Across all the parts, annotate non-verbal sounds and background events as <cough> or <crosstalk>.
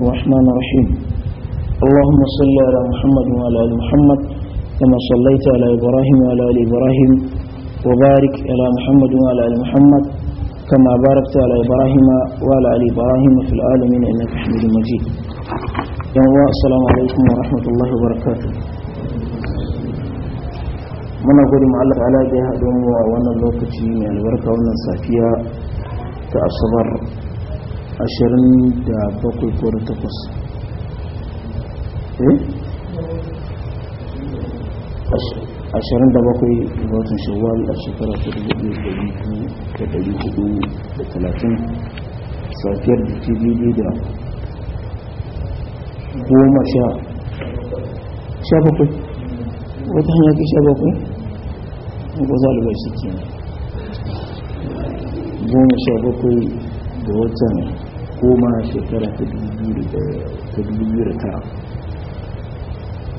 الرحمن الرحيم اللهم صل على محمد وعلى آل محمد كما صليت على إبراهيم وعلى آل إبراهيم وبارك على محمد وعلى آل محمد كما باركت على إبراهيم وعلى آل إبراهيم في العالمين إنك حميد مجيد السلام عليكم ورحمة الله وبركاته muna gode mu Allah ta'ala da ya haɗu mu a wannan lokaci mai albarka wannan safiya ta asabar ashirin da bakwai ko da takwas eh 27 da watan shawwal a shekara ta 1430 safiyar da ta daidai da goma sha sha bakwai wata hanya ke sha bakwai ga zalibai shi ke goma sha bakwai da watan koma shekara ta 2009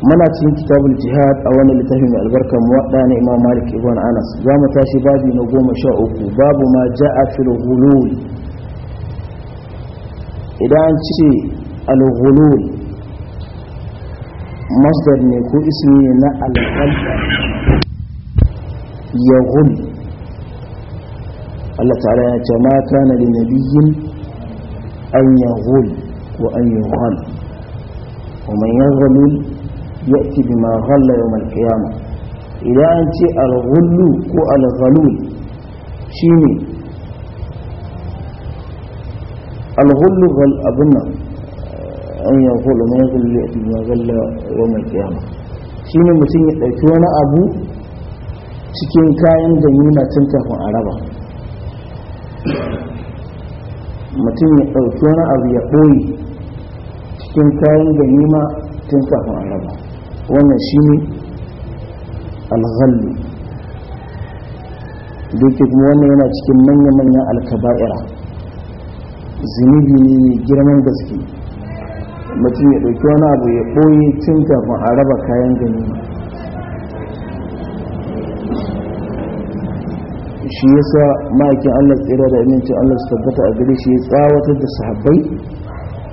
muna cikin kitabul jihad a wannan littafin mai albarka muwadda na imam malik ibn anas za mu tashi babi na goma sha uku babu ma ja'a fil ghulul idan ce al ghulul masdar ne ko ismi ne na al ya ghul Allah ta'ala ya ce ma kana li nabiyyin أن يغل وأن يغل ومن يغل يأتي بما غل يوم القيامة إلى أن تي الغل والغلول شيني الغل غل أبنى أه، أن يغل ومن يغل يأتي بما غل يوم القيامة شيني مسيني يأتي أبو شكين كاين da nuna عربا mutum ya ɗauki wani abu ya ɓoye cikin kayan ganima tun kafin araba wannan shi ne alhalli da kuma wannan yana cikin manya-manyan alkaba'ira zunubi ne mai girman gaske mutum ya ɗauki wani abu ya ɓoye tun kafin araba kayan ganima shi yasa ma'aikin Allah tsira da aminci Allah su tabbata a gare shi ya tsawatar da sahabbai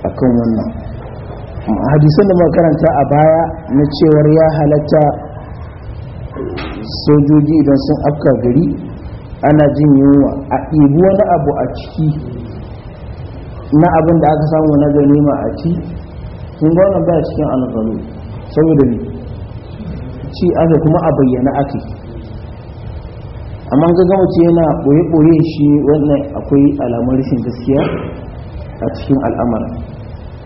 akan wannan hadisan da makaranta a baya na cewar ya halatta sojoji idan sun afka gari ana jin yunwa a ɗibi wani abu a ciki na abin da aka samu na ganima a ci sun gwanon ba cikin alfano saboda ne ci aka kuma a bayyana ake amma ga gama ce yana ɓoye-ɓoye shi wannan akwai alamar rashin gaskiya a cikin al'amara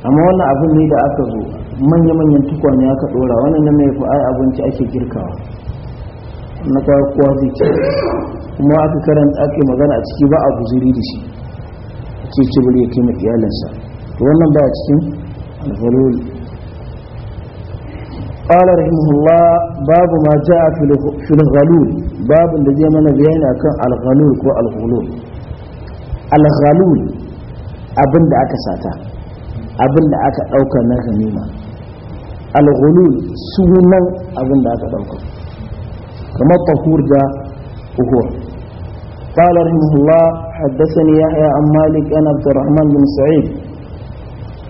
amma wannan abin ne da aka zo manya-manyan tukwane aka ɗora wannan na mai fa'ai abinci ake girkawa na kowa zai ce kuma aka karanta ake magana a ciki ba a guziri da shi ce ci bari ya kai iyalinsa to wannan ba a cikin alfalol قال رحمه الله باب ما جاء في الغلول باب الذي يمنى بيانا كان الغلول كو الغلول الغلول abin da aka sata abin aka ɗauka na ganima alghulul sunan abin da aka ɗauka kamar tahur da uhur qala rahimahullah haddathani yahya an malik an abdurrahman bin sa'id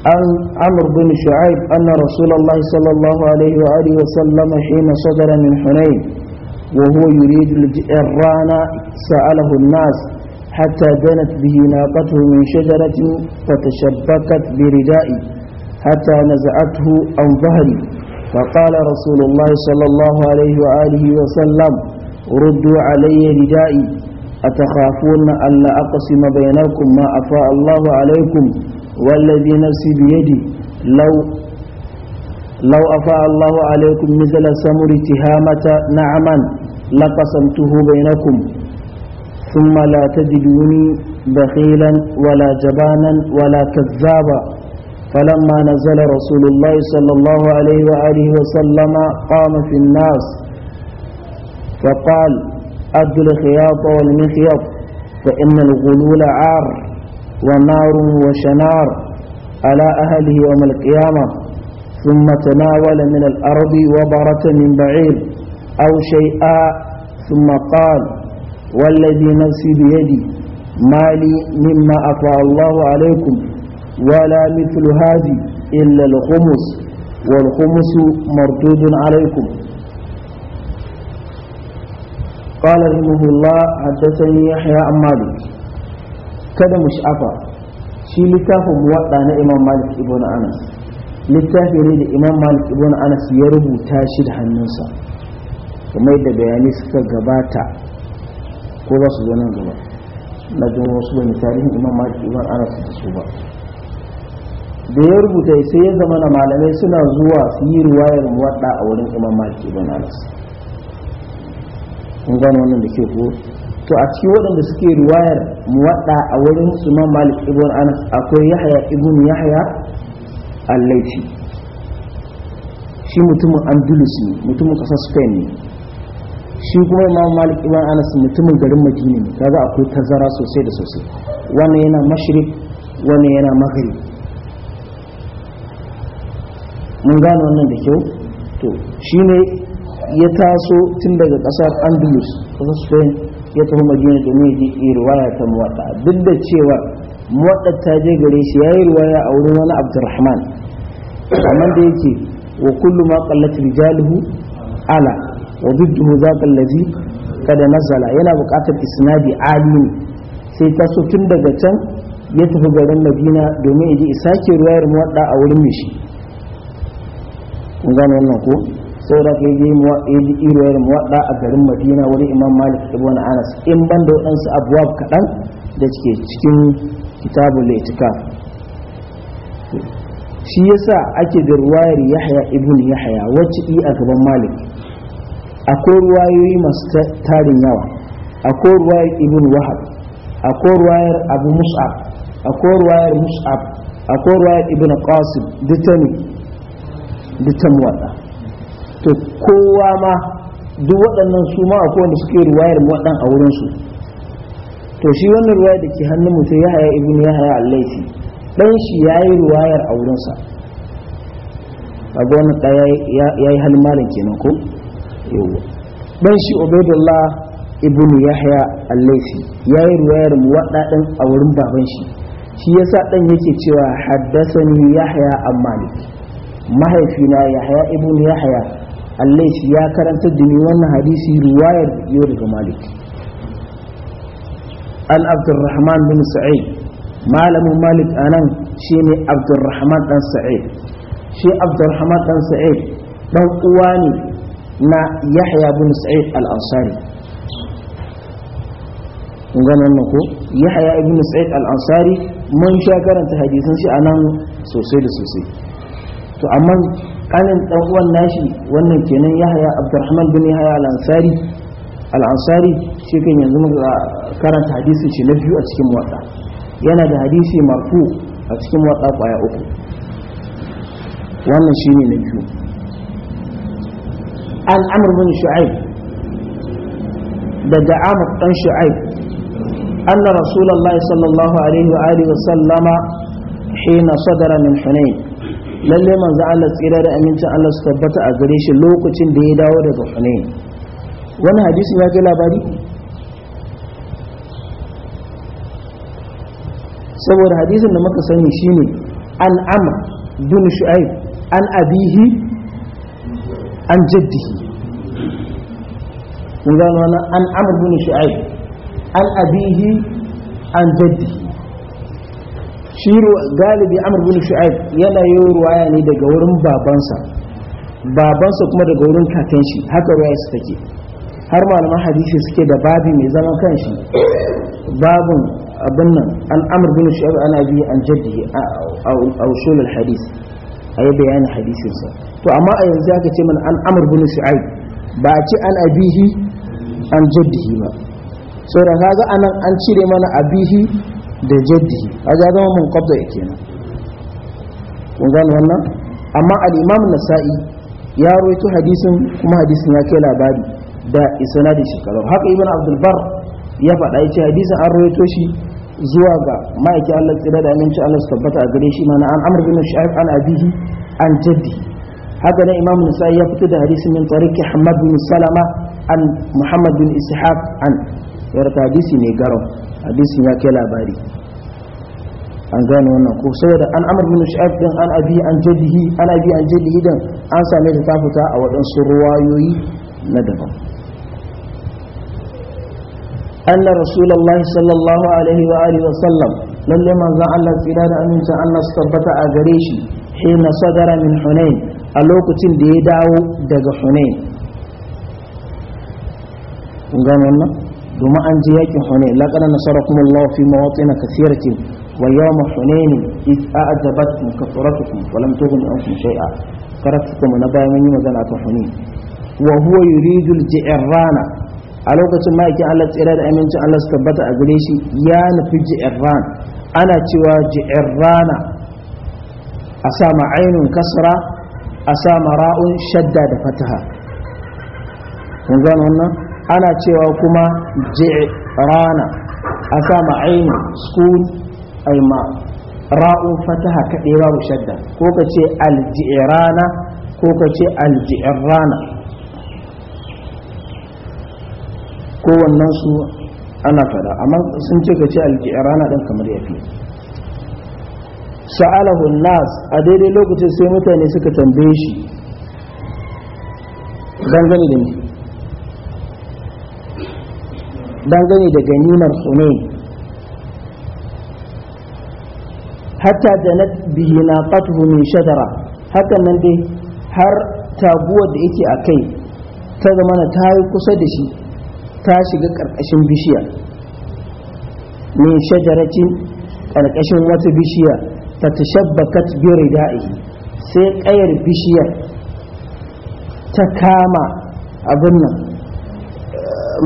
عن عمرو بن شعيب أن رسول الله صلى الله عليه وآله وسلم حين صدر من حنين وهو يريد الجئران سأله الناس حتى دنت به ناقته من شجرة فتشبكت بردائي حتى نزعته عن ظهري فقال رسول الله صلى الله عليه وآله وسلم ردوا علي ردائي أتخافون لا أقسم بينكم ما أفاء الله عليكم والذي نفسي بيدي لو لو أفاء الله عليكم مثل سمر تهامة نعما لقسمته بينكم ثم لا تجدوني بخيلا ولا جبانا ولا كذابا فلما نزل رسول الله صلى الله عليه وآله وسلم قام في الناس فقال أدل الخياط والمخيط فإن الغلول عار ونار وشنار على أهله يوم القيامة ثم تناول من الأرض وبرة من بعير أو شيئا ثم قال والذي نفسي بيدي ما لي مما أفعى الله عليكم ولا مثل هذه إلا الخمس والخمس مردود عليكم قال رحمه الله حدثني يحيى عن مالك kada mu sha'afa shi littafin muwadda na imam malik ibn anas littafi ne da imam malik ibn anas ya rubuta shi da hannunsa kuma yadda bayanai suka gabata ko ba su zo nan gaba na jin wasu wani tarihin imam malik ibn anas da su ba da ya rubuta sai ya zama na malamai suna zuwa su yi ruwayar muwadda a wurin imam malik ibn anas kun gane wannan da ke ko to a cikin waɗanda suke riwayar muwadda a wurin su ma malik ibn anas akwai yahya ibn yahya al shi mutumin andalus ne mutumin ƙasar spain ne shi kuma imam malik ibn anas mutumin garin madina ne kaga akwai tazara sosai da sosai wannan yana mashrik wannan yana maghrib mun gano wannan da kyau to shine ya taso tun daga kasar andalus kasar spain ya tafi madina domin ya ji ruwaya ta muwatta duk da cewa muwatta ta je gare shi yayi riwaya a wurin wani abdurrahman amma da yake wa kullu ma qallat rijaluhu ala wa bidduhu zaka allazi kada nazala yana buƙatar isnadi alim sai ta so tun daga can ya tafi garin madina domin ya ji isake ruwayar muwatta a wurin mishi kun gane wannan ko da ka yi irwayar muwadda a garin madina wani imam malik ibn anas in ban da waɗansu abwab kadan da ke cikin kitabul itikaf shi yasa ake da ruwayar yahya ibn yahya wacce yi a gaban malik akwai ruwayoyi masu tarin yawa akwai ruwayar ibn wahab akwai ruwayar abu mus'ab akwai ruwayar mus'ab akwai ruwayar ibn qasim duk ne duk to kowa ma duk waɗannan su ma akwai wanda suke ruwayar waɗan a wurinsu to shi wannan ruwayar da ke hannun mutum ya haya ibn ya haya allaisi ɗan shi ya yi ruwayar a wurinsa a gwamna ɗaya ya yi halin malam kenan ko yawo. ɗan shi ubaidullah ibn ya haya allaisi ya yi ruwayar waɗaɗin a wurin baban shi shi sa ɗan yake cewa haddasa ni ya haya an malik mahaifina ya haya ibn ya haya allaish ya karanta da ni wannan hadisi riwayar yau daga malik an abdurrahman bin sa'id malamin malik a nan anan shine abdurrahman dan sa'id shi abdurrahman dan sa'id dan uwa ne na yahya bin sa'id al-ansari gano wannan ko yahya ibn sa'id al-ansari mun sha karanta hadisan shi a nan sosai da sosai to amma kanin dan uwan nashi wannan kenan yahaya abdurrahman bin yahaya al-ansari al-ansari shi kan yanzu muka karanta hadisin shi na biyu a cikin muwatta yana da hadisi marfu a cikin muwatta kwaya uku wannan shine na biyu an amr bin shu'aib daga amr dan shu'aib anna rasulullahi sallallahu alaihi wa alihi wa sallama hina sadara min hunayn lalle manzo Allah tsira da amincin Allah su tabbata a gare shi lokacin da ya dawo daga Hunain wani hadisi ya ga labari saboda hadisin da muka sani shine an amr bin shu'aib an abihi an jaddihi mun gano an amr bin shu'aib an abihi an jaddihi shi galibi amur bin shu'aib yana yi ruwaya ne daga wurin babansa babansa kuma daga wurin kakan shi haka ruwaya su take har malaman hadisi suke da babi mai zaman kanshi babin abin nan an amur bin shu'aib ana biyu an jaddi a usulul hadis a yi bayanin hadisinsa to amma a yanzu aka ce mana an amur bin shu'aib ba a ce an abihi an jaddi ba saboda kaga anan an cire mana abihi da jaddihi haja zama mun qabda kenan kun gane wannan amma al nasa'i ya rawaito hadisin kuma hadisin ya kai labari da isnadin shi kalau haka ibn abdul bar ya faɗa ya ce hadisin an rawaito shi zuwa ga ma'aikin Allah tsira da aminci Allah su tabbata a gare shi mana an amr bin shu'aib an abihi an jaddi haka nan imam nasa'i ya fito da hadisin min tariqi hamad bin salama an muhammad bin ishaq an yarda hadisi ne garo hadisin ya kai labari an gane wannan ko saboda an amr bin shu'aib din an abi an jaddihi an abi an jaddihi din an same ta fita a waɗansu ruwayoyi na daban anna rasulullahi sallallahu alaihi wa alihi wa sallam lalle manzon Allah tsira da aminta Allah su tabbata a gare shi hina sadara min hunain a lokacin da ya dawo daga hunain kun gane wannan domin an je yakin hunain laqad nasarakum Allah fi mawatin kathiratin wa yawm hunain id a'jabatkum kathratukum wa lam tughni ankum shay'a karatukum na bayan mun yi magana ta hunain wa huwa yuridu al-ji'rana a lokacin ma'aikin Allah tsira da aminci Allah su tabbata a gare shi ya nufi ji'irran ana cewa ji'irrana a sama ainun kasra a sama ra'un shadda da fataha kun gano wannan ana cewa kuma je rana a sama ainu sukun aima ra'un fataha kaɗai babu shadda ko ka ce alji'rana ko ka ce alji'rana wannan su ana fada amma sun ce ka ce alji'rana ɗin kamar ya fi sa'alahun nas a daidai lokacin sai mutane suka tambaye shi dangane da ni dangane da ganimar hunain hatta janat bihi naqatuhu min shajara hakan nan dai har taguwar da yake a kai ta zama ta tayi kusa da shi ta shiga ƙarƙashin bishiya min shajaracin ƙarƙashin wata bishiya ta tashabbakat bi rida'ihi sai ƙayar bishiyar ta kama abin nan eh,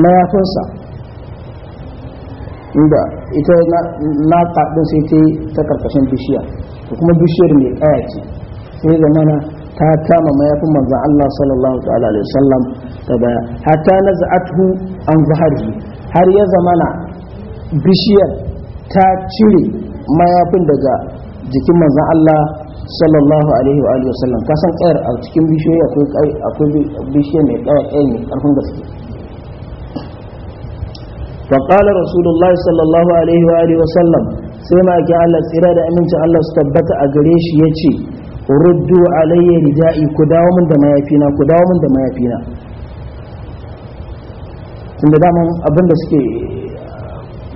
mayafinsa inda ita na kaɗin sai ta yi ta karkashin bishiya da kuma bishiyar mai ƙaya ce sai ga mana ta kama mayafin manzan Allah sallallahu alaihi wasallam ta baya hatta na za'atu an zahari har ya zamana bishiyar ta cire mayafin daga jikin manzan Allah sallallahu alaihi wasallam sallam san ƙayar a cikin bishiyoyi akwai bishiyar mai ƙaya ƙaya mai ƙarfin gaske wa qala rasulullahi sallallahu alaihi wa alihi wa sai ma ki Allah tsira da aminci Allah su tabbata a gare shi yace ruddu alayya ridai ku dawo min da mayafina ku dawo min da mayafina tunda daman abinda suke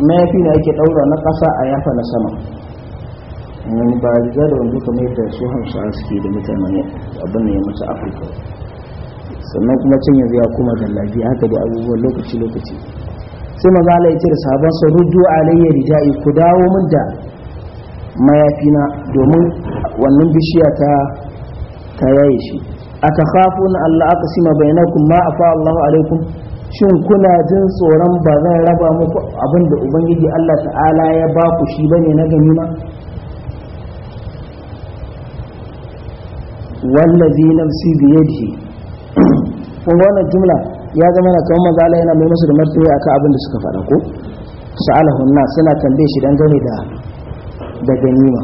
mayafi ake daura na ƙasa a yafa na sama wani ba riga da wanzu kamar yadda su hamsa suke da mutane abin ne mutu afirka sannan kuma cin yanzu ya kuma da haka da abubuwan lokaci-lokaci sai maza Allah ya ce da sabon sa ruddu alayya rijai ku dawo min da mayafina domin wannan bishiya ta ta yaye shi aka na Allah aka sima bainakum ma afa Allahu alaikum shin kuna jin tsoron ba zan raba muku abin da ubangiji Allah ta'ala ya ba ku shi bane na ganima wallazi nafsi biyadihi <clears throat> kun wannan jumla ya zama na kawo mazala yana mai musu da a akan abin da suka faɗa ko sa'alahun na suna tambaye shi dangane da da ganima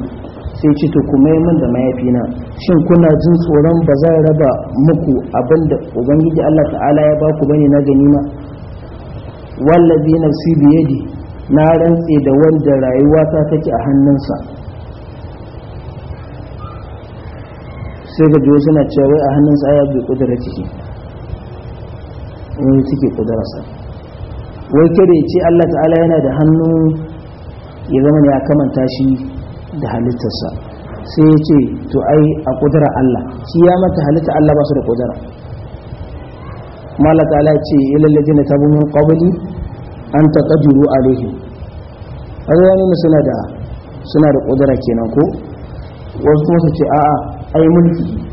sai ce to kuma yi da mayafi na shin kuna jin tsoron ba a raba muku abin da ubangiji Allah ta'ala ya ba baku bane na ganima wallazi nafsi biyadi na rantse da wanda rayuwata take a hannunsa sai ga suna cewa a hannunsa ya bi kudura ciki in suke kudararsa wai kada ya ce Allah ta'ala yana da hannu ya zama ya kamanta shi da halittarsa sai ya ce to ai a kudura Allah shi ya mata halitta Allah ba su da kudura mala ta'ala ce ilal na tabu min qabli an taqdiru alaihi kaga ya nuna suna da suna da kudura kenan ko wasu kuma su ce a'a ai mulki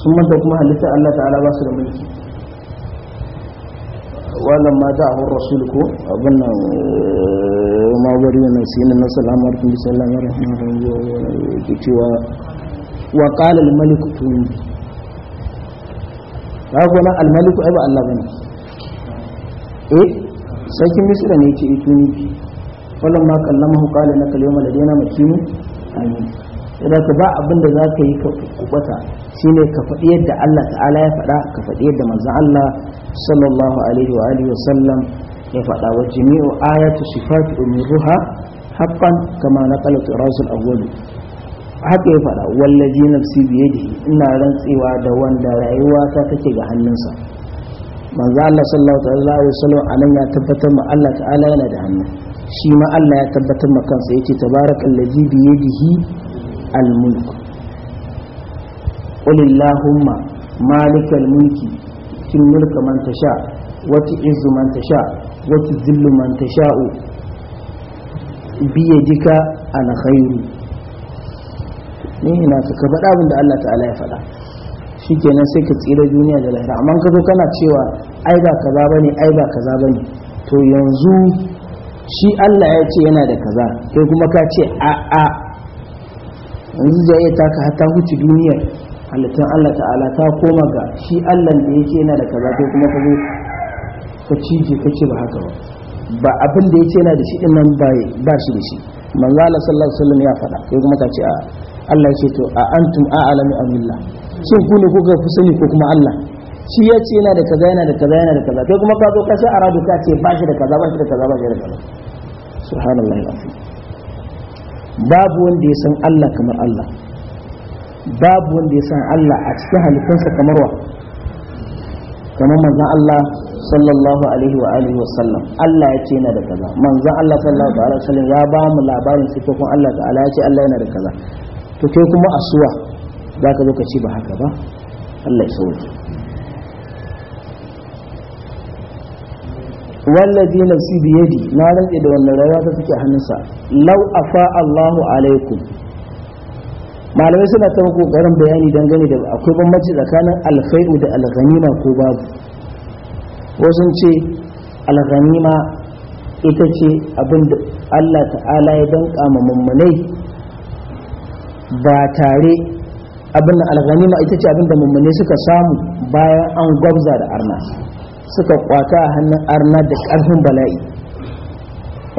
sun manta kuma halitta Allah ta'ala ba su da mulki wannan ma da ahun rasul ko abin nan eh, ma wari wannan sai na salama alaihi wa sallam rahmanahu wa cewa wa qala al malik tuni ba ko na al malik ai ba Allah bane eh sarkin misra ne yake tuni wannan ma kallamahu qala nakal yawma ladina makinu amin idan ka ba abin da zaka yi ka kubata shine ka faɗi yadda Allah ta'ala ya faɗa ka faɗi yadda manzon Allah sallallahu alaihi wa alihi wasallam ya faɗa wa jami'u ayatu sifati umruha haqqan kama naqala turasul awwal haka ya faɗa wallazi nafsi biyadihi ina rantsewa da wanda rayuwa ta take ga hannunsa manzo Allah sallallahu alaihi wasallam anan ya tabbatar ma Allah ta'ala yana da hannu shi ma Allah ya tabbatar ma kansa yace tabarakal ladzi bi yadihi al mulk قل اللهم مالك الملك تملك من تشاء وتعز من تشاء وتذل من تشاء بيدك على خير ne na suka faɗa تعالى da Allah ta'ala ya faɗa sai ka tsira duniya da lahira amma ka zo kana cewa ai ba kaza bane ai ba kaza bane to yanzu shi Allah ya ce yana da kaza kai kuma ka ce a a yanzu zai iya taka hata huci duniyar halittun Allah ta'ala ta koma ga shi Allah da yake yana da kaza ko kuma kazo ka cije ka ce ba haka ba ba abin da yake yana da shi din nan ba shi da shi manzo Allah sallallahu alaihi wasallam ya faɗa sai kuma ka ce a Allah yake to a antum a'lamu amillah shin ku ne kuka fi sani ko kuma Allah shi ya ce yana da kaza yana da kaza yana da kaza kai kuma ka zo ka sha aradu ka ce ba shi da kaza ba shi da kaza ba shi da kaza subhanallahi babu wanda ya san Allah kamar Allah babu wanda ya san Allah a cikin halittarsa kamar wa kamar manzan Allah sallallahu alaihi wa alihi wa sallam Allah ya ce yana da kaza manzan Allah sallallahu alaihi wa sallam ya ba mu labarin sifofin Allah ta'ala ya ce Allah yana da kaza to kai kuma asuwa za ka zo ka ci ba haka ba Allah ya sauke wallazi nafsi biyadi na rantse da wannan rayuwa ta take hannunsa law afa Allahu alaikum malamai suna ta kokarin bayani dangane da akwai bambanci tsakanin alfai'u da alghanima ko babu wasu ce alghanima ita ce abin da Allah ta'ala ya danka ma mummunai ba tare abin da alghanima ita ce abin da mummunai suka samu bayan an gwabza da arna suka kwata a hannun arna da karfin bala'i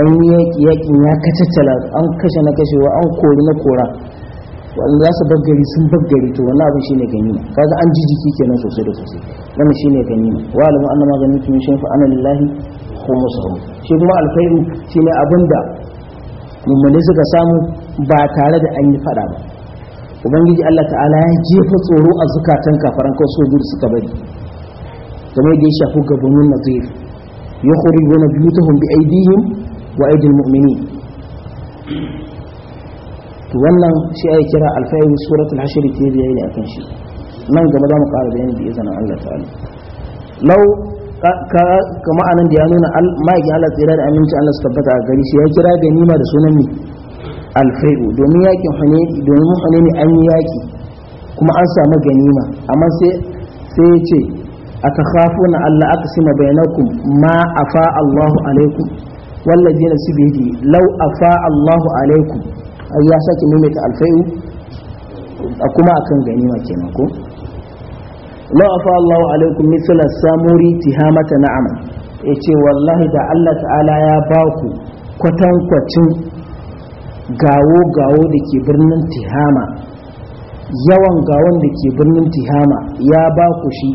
an yi yaƙi yaƙin ya kacce an kashe na kashewa an kori na kora wanda za su baggari sun baggari to wannan abin shine ganima kaga an ji jiki kenan sosai da sosai wannan shine ganima wa alamu anna ma ganimtu min shay'in fa ana lillahi khumsuhu shi kuma alfai'u shine da mummune suka samu ba tare da an yi fada ba ubangiji Allah ta'ala ya jefa tsoro a zukatan kafaran kawai so gudu suka bari game da ya shafi gabanin nazir ya gona biyu ta hundu aidihim wa aidin mu'mini to wannan shi ai kira alfayl suratul hashr ke bayani ne akan shi nan gaba za mu ƙara bayani da izinin Allah ta'ala lau ka ma'anin da ya nuna ma'aikin Allah tsira da aminci Allah su tabbata a gari shi ya kira ganima da sunan mi alfai'u domin yakin hunaini domin hunaini an yi yaki kuma an samu ganima amma sai sai ya ce aka khafu na Allah aka sima bainakum ma afa Allahu alaikum wallazina su bidi lau afa Allahu alaikum ai ya sake maimaita alfai a kuma akan ganima kenan ko la afa Allahu alaikum mithla samuri tihamata na'am yace wallahi da Allah ta'ala ya ba ku kwatankwacin gawo gawo da ke birnin tihama yawan gawon da ke birnin tihama ya ba ku shi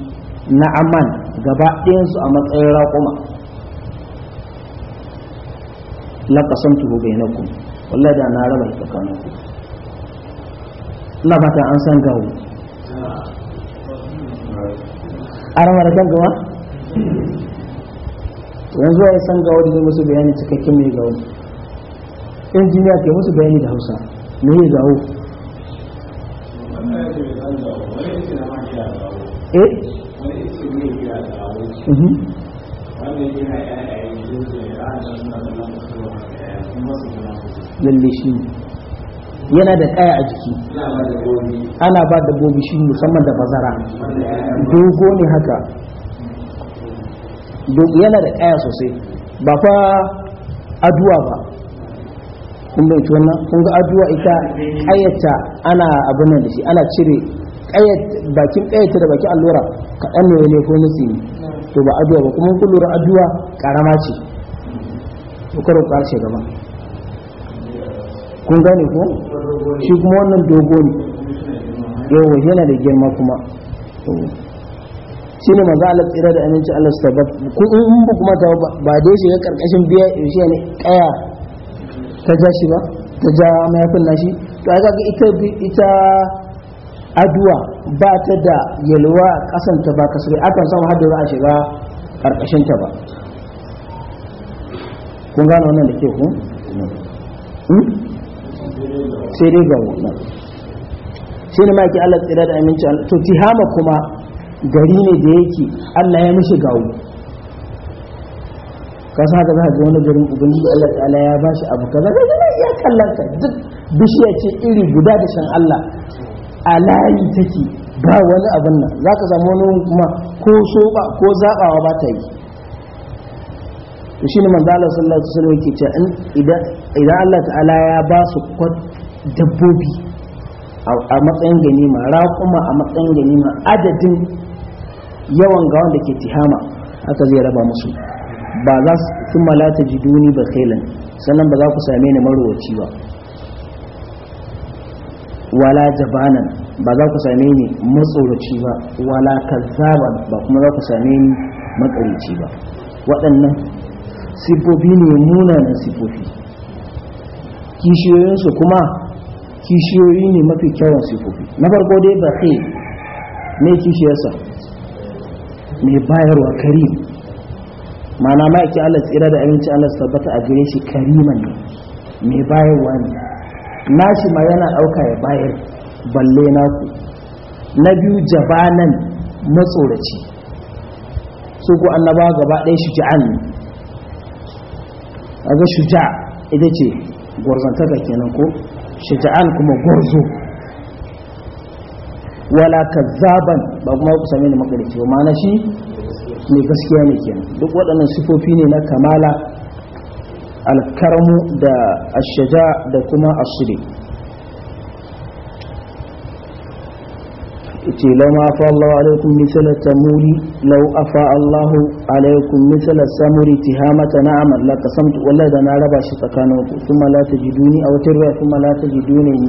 na'aman gaba su a matsayin raƙuma tuhu bainakum wallahi da na raba ita kanu ina fata an san gawo a raba da kan gawa yanzu ya san gawo da musu bayani cikakken mai gawo injiniya ke musu bayani da hausa me eh? ya gawo eh lalle shi yana da kaya a jiki ana ba da gobi shi musamman da bazara dogo ne haka yana da kaya sosai ba fa aduwa ba kuma bai wannan kun ga aduwa ita kayata ana abin da shi ana cire bakin kayata da bakin allura kaɗan ne wani ko nutsi ne to ba aduwa ba kuma kun lura aduwa karama ce to karo karshe gaba kun gane ko shi kuma wannan dogo ne yawa yana da girma kuma shi ne maza ala tsira da aminci ala su tabbat kun in ba kuma ta ba da ya shiga karkashin biya shi ne kaya ta ja shi ba ta ja mayafin nashi to aka ga ita ita aduwa ba ta da yalwa kasanta ba kasuri akan samu hadda za a shiga karkashin ta ba kun gane wannan da ke ku sai dai ga wannan shi ne maki Allah tsira da aminci to tihama kuma gari ne da yake Allah ya mishi gawo ka sa haka ga wani garin ubangiji Allah ta'ala ya bashi abu kaza ga yana iya kallon duk bishiya ce iri guda da shan Allah a layi take ba wani abin nan za ka samu wani kuma ko soba ko zabawa ba ta yi to shi ne Allah sallallahu alaihi wasallam ke idan Allah ta'ala ya ba su dabbobi a matsayin ganima raƙuma a matsayin ganima adadin yawan ga wanda ke tihama haka zai raba musu ba za su kuma la tajiduni ba khailan sannan ba za ku same ni marowaci ba wala jabanan ba za ku same ni matsoraci ba wala kazzaban ba kuma za ku same ni matsoraci ba waɗannan siffofi ne munanan siffofi kishiyoyinsu kuma kishiyoyi ne mafi kyawun siffofi na farko dai ba kai ne kishiyarsa mai bayarwa karim mana ma'aiki allah tsira da aminci allah su tabbata a gare shi kariman ne mai bayarwa ne nashi ma yana ɗauka ya bayar balle naku na biyu jabanan matsoraci su ku annaba gaba ɗaya shi ji'an aga shuja ita ce gwarzantaka kenan ko shuja'an kuma gwarzo wala kazzaban ba kuma ku same ni makarici ba na shi mai gaskiya ne kenan duk waɗannan sifofi ne na kamala alkarmu da ashaja da kuma asiri ce lau ma fa Allah alaikum misal samuri lau afa Allah alaikum misal samuri tihamata na'am la qasamtu wallahi da na raba shi tsakanin ku kuma la tajiduni aw tarwa kuma la tajiduni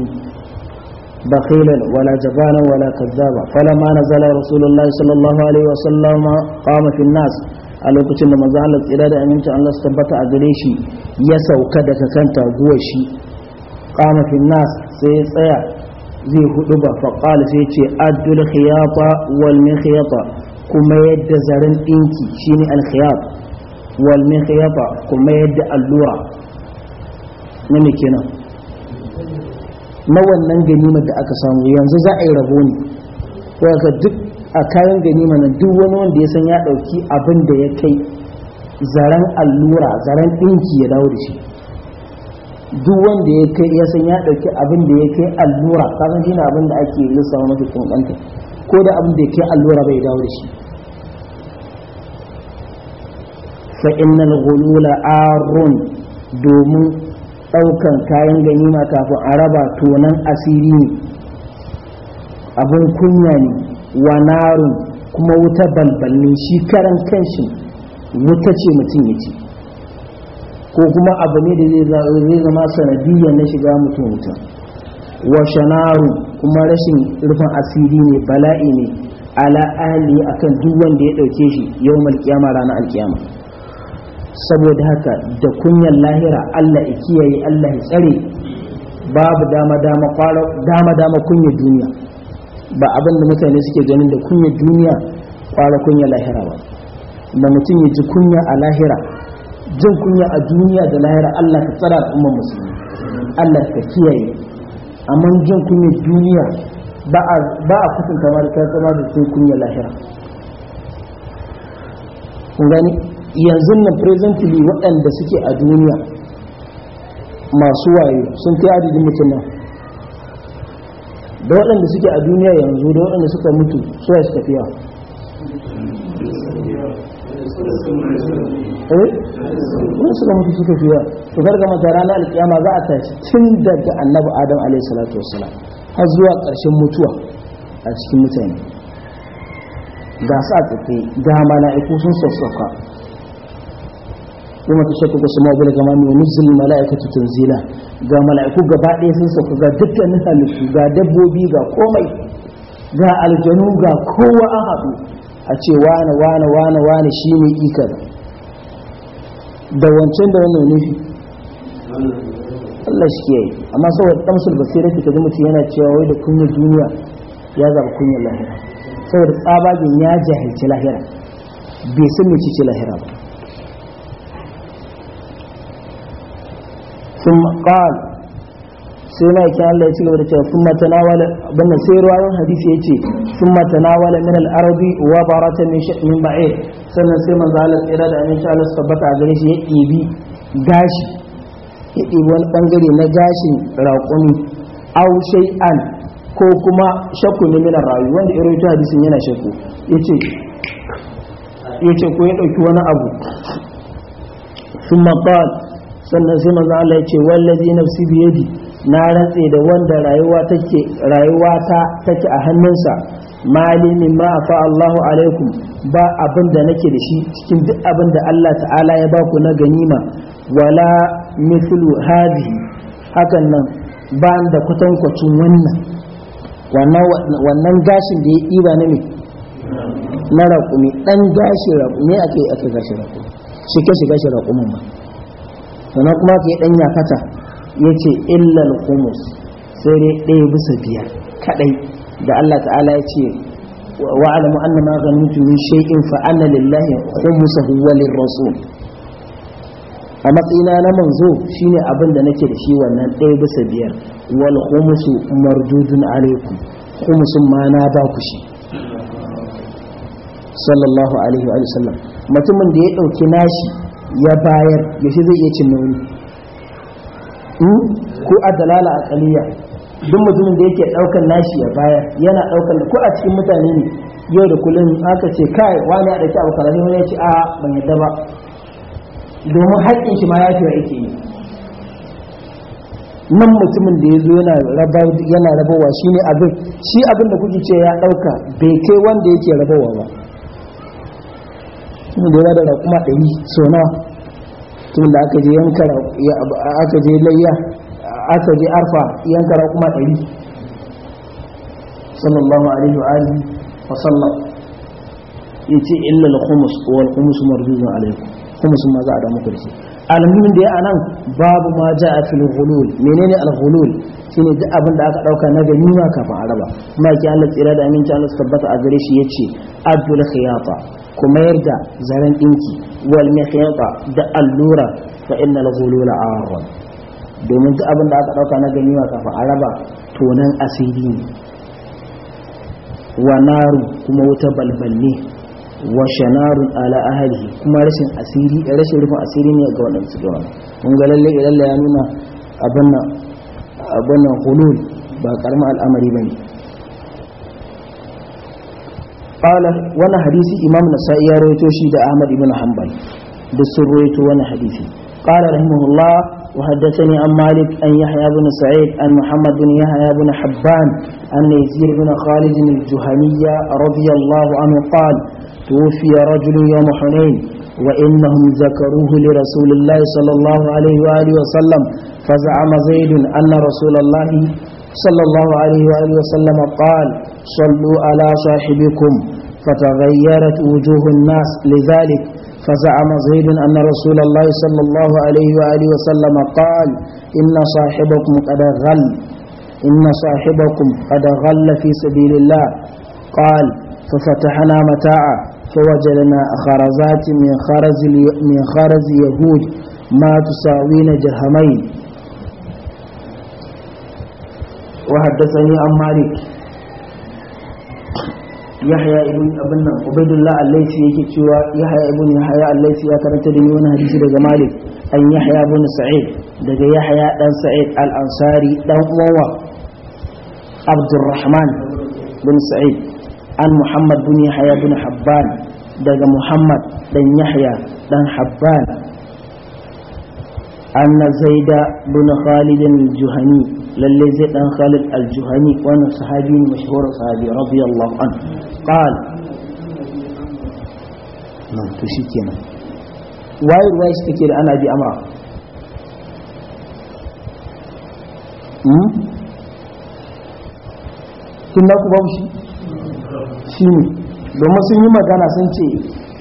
بخيلا wala جبانا ولا كذابا فلما نزل رسول الله صلى الله عليه وسلم قام في الناس a lokacin da manzo Allah tsira da aminci Allah su tabbata a gare shi ya sauka daga kan taguwar shi qama fil nas sai ya tsaya zai hudu ba faƙal sai ce Adul khiyata wal mikhyata kuma yadda zaren ɗinki shine al khiyat wal mikhyata kuma yadda allura na me kenan na wannan ganimar da aka samu yanzu za a yi rabo ne ka duk a kayan ganima nan duk wani wanda ya san ya ɗauki abin da ya kai zaren allura zaren ɗinki ya dawo da shi duk wanda ya kai ya san ya dauki abin da ya kai allura kasan shi abin da ake lissafa masa cikin ɗanta ko da abin da ya kai allura bai dawo da shi fa innal ghulula arun domin daukan kayan ganima kafin a raba tonan asiri ne abin kunya ne wa narun kuma wuta balbalin shi karan kanshi wuta ce mutum ya ce ko kuma abu ne da zai zama sanadiyar na shiga mutum wuta wa shanaru kuma rashin rufin asiri ne bala'i ne ala ahli akan duk wanda ya ɗauke shi yau malkiyama ranar alkiyama saboda haka da kunyan lahira Allah ya kiyaye Allah ya tsare babu dama dama kunyar duniya ba abinda mutane suke ganin da kunya duniya kwara kunyar lahira ba da mutum ya ji kunya a lahira jin kunya a duniya da lahira Allah ka tsara al'ummar musulmi Allah ka kiyaye amma jin kunya duniya ba a kusan kamar ta zama da jin kunya lahira gani yanzu na presently waɗanda suke a duniya masu wayo sun kai adadin mutum nan da waɗanda suke a duniya yanzu da waɗanda suka mutu suwa suka fiya eh ne suka mutu suka fiya to garga mata ranar alkiyama za a tashi tun daga annabi adam Alayhi salatu wassalam har zuwa ƙarshen mutuwa a cikin mutane ga sa tsaye ga mala'iku sun sassauka kuma ta shakka ga sama bil gamami wa nuzul mala'ikatu tanzila ga mala'iku gaba ɗaya sun sauka ga dukkanin halittu ga dabbobi ga komai ga aljanu ga kowa an haɗu a ce wane wane wane wane ne ikar da wancan da wannan nufi Allah shi yayi amma saboda damsul basira kika zama mutum yana cewa wai da kunya duniya ya zaba kunya lahira saboda tsabagin ya jahilci lahira bai san mece ce lahira ba Sun قال sai na yake Allah ya ci gaba da cewa sun matanawala abin sai ruwayan hadisi ya ce sun matanawala min al'arabi wa barata min ba'ir sannan sai manzo Allah tsira da aminci Allah sabbata a gare shi ya ɗibi gashi ya ɗibi wani bangare na gashin raƙumi aw shay'an ko kuma shakku ne min rawi wanda ya ta hadisin yana shakku yace yace ko ya dauki wani abu thumma qala sannan sai manzo Allah yace wallazi nafsi bi yadi na rantse da wanda rayuwa take rayuwa ta take a hannunsa mali ma fa Allahu alaikum ba abin da nake da shi cikin duk abin da Allah ta'ala ya ba ku na ganima wala mithlu hadhi hakan nan ba da kwatankwacin wannan wannan gashin da ya ɗiba na me na raƙumi ɗan gashi raƙumi ake ake gashi raƙumi shi ke shiga shi raƙumin ba sannan kuma ka yi ɗan fata ya ce illal humus sai dai ɗaya bisa biyar kaɗai da Allah ta'ala ya ce واعلم ان ما غنمتم من شيء فان لله خمسه وللرسول a matsayina na manzo shine abin da nake da shi wannan ɗaya bisa biyar wal khumsu mardudun alaikum khumsun ma na ba ku shi sallallahu alaihi wa sallam mutumin da ya ɗauki nashi ya bayar shi zai iya cin nauyi ko a dalala a duk mutumin da yake daukan nashi ya baya yana daukan ko a cikin mutane ne yau da kullum aka ce kai wani ya dauki abu kaza wani ya ce a ban yadda ba domin haƙƙin shi ma ya fi yake yi nan mutumin da ya zo yana rabawa shi abin shi abin da kuke ce ya ɗauka bai kai wanda yake rabawa ba tun da ya da kuma ɗari sona tun da aka je yanka aka je layya aka je arfa yanka raƙuma ɗari sallallahu alaihi wa alihi wa sallam yace illa al-khumus wal khumus mardudun alaikum khumus ma za a da muku dace almuhim da ya anan babu ma ja'a fil ghulul menene al-ghulul shine duk abin da aka dauka na ganima kafin araba kuma ki Allah tsira da aminci Allah tabbata a gare shi yace abdul khiyata kuma yarda zaren dinki wal mihyata da allura fa innal ghulula arad domin duk abin da aka ɗauka na ganima kafa a raba tonan asiri ne wa naru kuma wuta balbal ne wa shanarun ala ahalihi kuma rashin asiri rashin rufin asiri ne ga waɗanda su gawa mun ga lalle lalle ya nuna abin nan abin nan hulul ba karamin al'amari bane qala wannan hadisi imam nasa'i ya rawaito shi da ahmad ibn hanbal da sun rawaito wannan hadisi qala rahimahullah وحدثني عن مالك أن يحيى بن سعيد أن محمد بن يحيى بن حبان أن يزير بن خالد الجهنية رضي الله عنه قال توفي رجل يوم حنين وإنهم ذكروه لرسول الله صلى الله عليه وآله وسلم فزعم زيد أن رسول الله صلى الله عليه وآله وسلم قال صلوا على صاحبكم فتغيرت وجوه الناس لذلك فزعم زيد أن رسول الله صلى الله عليه وآله وسلم قال إن صاحبكم قد غل إن صاحبكم قد غل في سبيل الله قال ففتحنا متاعا فوجدنا خرزات من خرز من خرز يهود ما تساوين جهمين وحدثني عن مالك yahya ibn abin nan ubaidullah al yake cewa yahya ibn yahya al ya karanta da ni wani hadisi daga malik an yahya ibn sa'id daga yahya dan sa'id al-ansari dan uwa abdurrahman bin sa'id an muhammad bin yahya bin habban daga muhammad dan yahya dan habban أن زيد بن خالد الجهني للي زيد بن خالد الجهني وأنا صحابي مشهور صحابي رضي الله عنه قال نعم تشيكينا وايد وايد تكير أنا أبي أمرا kin ku babu shi shi ne domin sun yi magana sun ce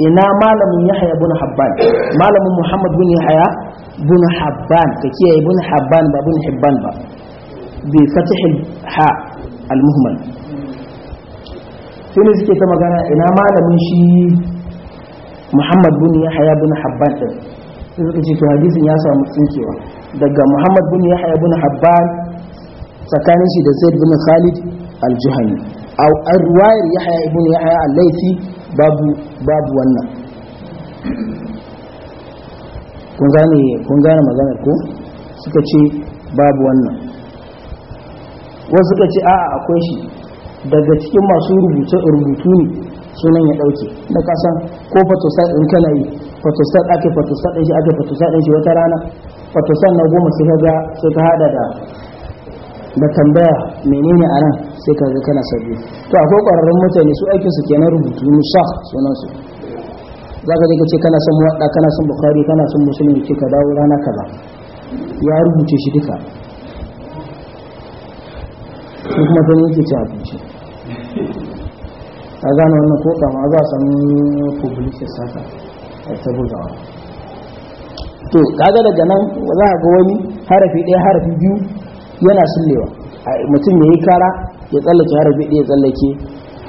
ina malamin yahya bin habban malamin muhammad bin yahya bin habban ka kiyaye bin habban ba bin hibban ba bi fatihil ha al-muhmal sai suke ta magana ina malamin shi muhammad bin yahya bin habban din sai suka ce to hadisin ya samu tsinkewa daga muhammad bin yahya bin habban tsakanin shi da zaid bin khalid al-juhani aw riwayar yahya ibn yahya al-laythi babu babu wannan kun gane kun maganar ko suka ce babu wannan wasu suka ce a'a akwai shi daga cikin masu rubutu rubutu ne sunan ya dauke na kasan ko photostat in kana yi photostat ake shi ake shi wata rana photostat na goma sai kaga sai ka hada da da tambaya menene a ran sai kaga kana sabbi to akwai ƙwararrun mutane su aikin su kenan rubutu musa sunansu. za ka ka ce kana son muwadda kana son bukhari kana son musulmi ce ka dawo rana kaza ya rubuce shi duka kuma ta yake ci abinci a gane wannan ko kama za a samu publicist sata a ta wa? to kaga daga nan za a ga wani harafi ɗaya harafi biyu yana sullewa mutum ya yi kara ya tsallake harafi ɗaya ya tsallake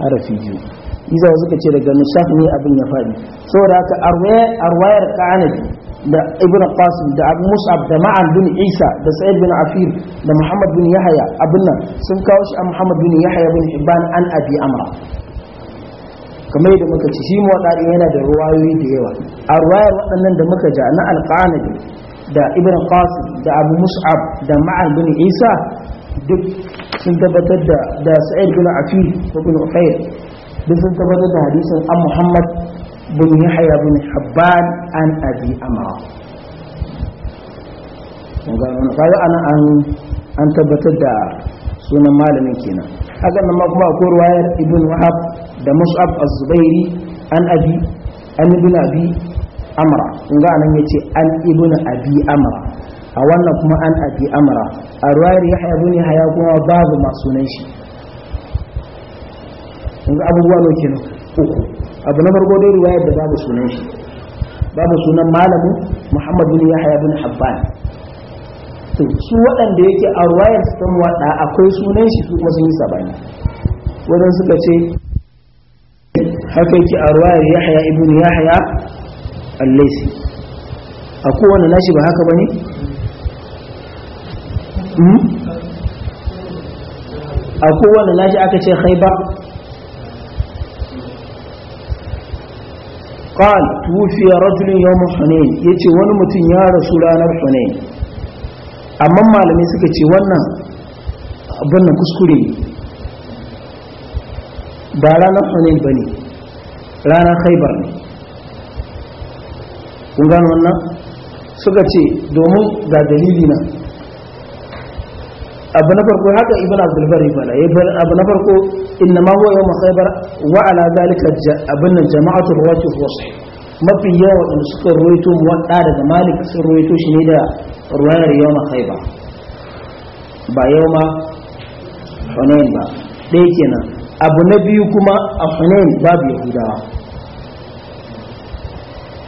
harafi biyu isa suka ce daga nusaf ne abin ya faɗi saboda haka arwayar ka'anabi da ibn qasim da abu mus'ab da ma'an bin isa da sa'id bin afir da muhammad bin yahaya abin nan sun kawo shi a muhammad bin yahaya bin hibban an abi amra kamar yadda muka ci shi mawaɗaɗi yana da ruwayoyi da yawa a ruwayar waɗannan da muka ja na alƙanabi da ibn qasim da abu mus'ab da ma'an bin isa duk sun tabbatar da sa'id bin afir ko bin ufair duk sun tabbatar da hadisin an muhammad bin yahya bin habban an abi amra kaga ana an an tabbatar da sunan malamin kenan haka nan ma kuma akwai ruwayar ibn wahab da mus'ab az-zubairi an abi an ibn abi amra kunga anan yace an ibn abi amra a wannan kuma an abi amra a ruwayar yahya bin yahya kuma babu ma sunan shi yanzu abubuwa ne kenan uku abu na farko dai ruwayar da babu sunan shi babu sunan malamin muhammad bin yahya bin habban to su waɗanda yake a ruwayar su kan waɗa akwai sunan shi su kuma sun yi sabani wajen suka ce haka yake a ruwayar yahya ibn yahya al-laysi a kowane nashi ba haka ba ne? Hmm? a kowane nashi aka ce khaybar قال توفي رجل يوم حنين يتي wani mutum ya rasu ranar hunain amma malamai suka ce wannan abin nan kuskure ba ranar ba bane ranar khaibar ne kun gano wannan suka ce domin ga dalili na abu na farko haka ibn abdul bari bala abu na farko inna ma huwa yawm khaybar wa ala zalika abun nan jama'atu rawatu wasih mafi yawa da suka ruwaito muwadda daga malik sun ruwaito shi ne da ruwayar yawm khaybar ba yawma hunain ba ɗaya kenan abu na biyu kuma a hunain babu yahudawa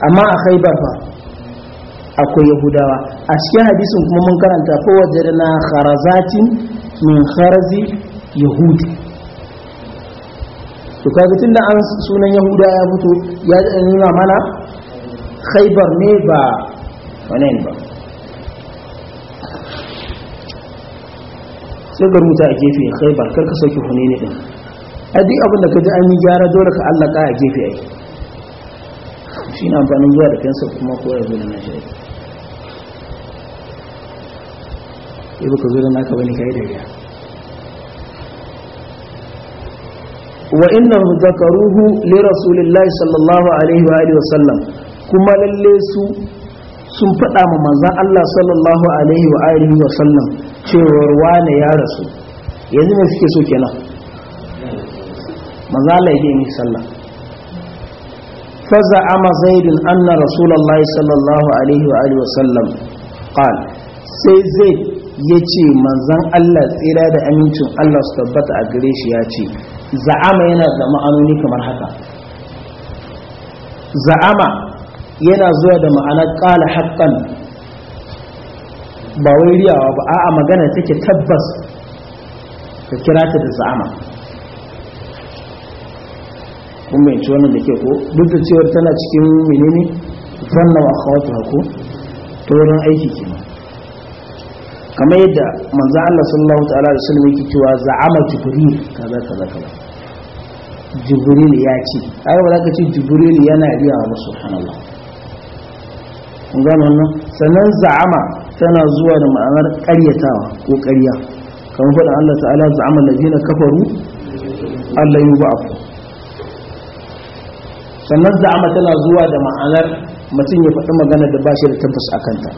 amma a khaybar ba akwai yahudawa a cikin hadisin kuma mun karanta kowace da na kharazatin min kharazi yahudi to kaga tun da an sunan yahuda ya fito ya nuna mana khaibar ne ba wannan ba sai ga rubuta a gefe khaibar karka sauke hune ne din a duk abin da ka ji an yi gyara dole ka allaka a gefe ai shi ne amfanin zuwa da fensa kuma ko ya zo da na shi kai baka zo da naka bane kai wa zakaruhu li rasulillahi sallallahu alaihi wa alihi wasallam kuma lalle su sun faɗa ma manzon Allah sallallahu alaihi wa alihi wasallam cewa wane ya rasu yanzu ne suke so kenan manzon Allah ya yi sallah فزعم زيد أن رسول الله صلى الله عليه وآله وسلم قال سي زيد ya ce manzan Allah tsira da amincin Allah su tabbata a gare shi ya ce za'ama yana da ma'anoni kamar haka za'ama yana zuwa da ma'anar ƙala haƙƙan ba wai riyawa ba a'a magana take tabbas ka kira ta da za'ama kun bayanci wannan da ke ko duk da cewar tana cikin menene zanna wa akhawatu ko to wurin aiki kenan kamar yadda manzo Allah sallallahu ta'ala da wasallam yake cewa za'ama jibril kaza zaka kaza jibril ya ce ai ba za ka ce jibril yana riya wa subhanallah kun gano wannan sannan za'ama tana zuwa da ma'anar ƙaryatawa ko ƙarya kamar faɗin Allah ta'ala za'ama ladina kafaru Allah yuba'u sannan za'ama tana zuwa da ma'anar mutum ya faɗi magana da ba shi da tabbas a kanta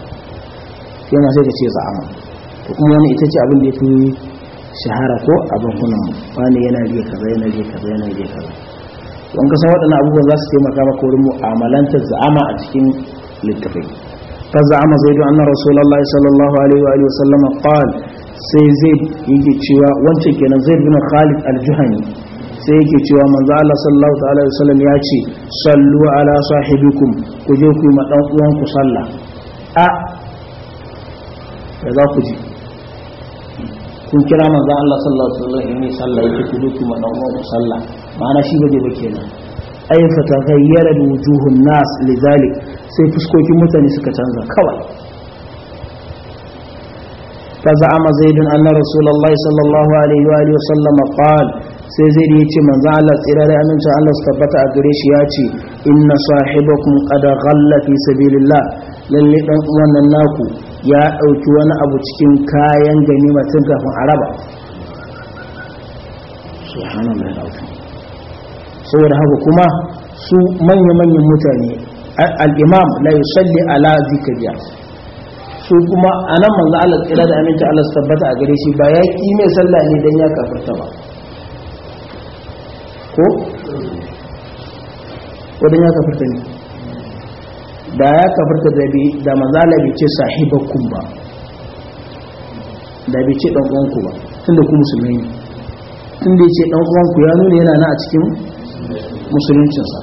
yana sai da ce za'ama ta kuma wani ita ce abin da ya fi shahara ko a bankunan wani yana riya kaza yana riya kaza yana riya kaza don kasan waɗannan abubuwan za su taimaka maka wurin mu'amalanta za'ama a cikin littafai ta za'ama zai don annar rasulullahi sallallahu alaihi wa sallama qal sai zai yake cewa wancan kenan zai bin khalid al-juhani sai yake cewa manzo Allah sallallahu ta'ala alaihi wasallam ya ce sallu ala sahibikum ku je ku yi ma dan uwanku sallah a da za ku ji sun kira manzon Allah sallallahu alaihi wasallam ne sallah yake kudu kuma dan uwan sallah ma'ana shi baje ba kenan ay fataghayyara wujuhun nas lizali, sai fuskokin mutane suka canza kawai فزعم زيد أن رسول sallallahu alaihi الله عليه وآله وسلم قال sai zai ya ce manzo Allah tsirare aminci Allah su tabbata a gare shi ya ce inna sahibakum qad ghalla fi sabilillah lalle dan uwan nan naku ya ɗauki wani abu cikin kayan ganima tun kafin a raba saboda haka kuma su manya-manyan mutane al'imam na yi salli ala zikiriya su kuma a nan manzo ala tsira da aminci Allah su tabbata a gare shi ba ya ƙi mai sallah ne don ya kafarta ba ko? wadanda ya kafarta ne da ya kafarta da maza bai ce sahibakun ba da bai ce dan uwanku ba tunda ku musulmi ne tunda ya ce dan uwanku ya nuna yana na a cikin musuluncinsa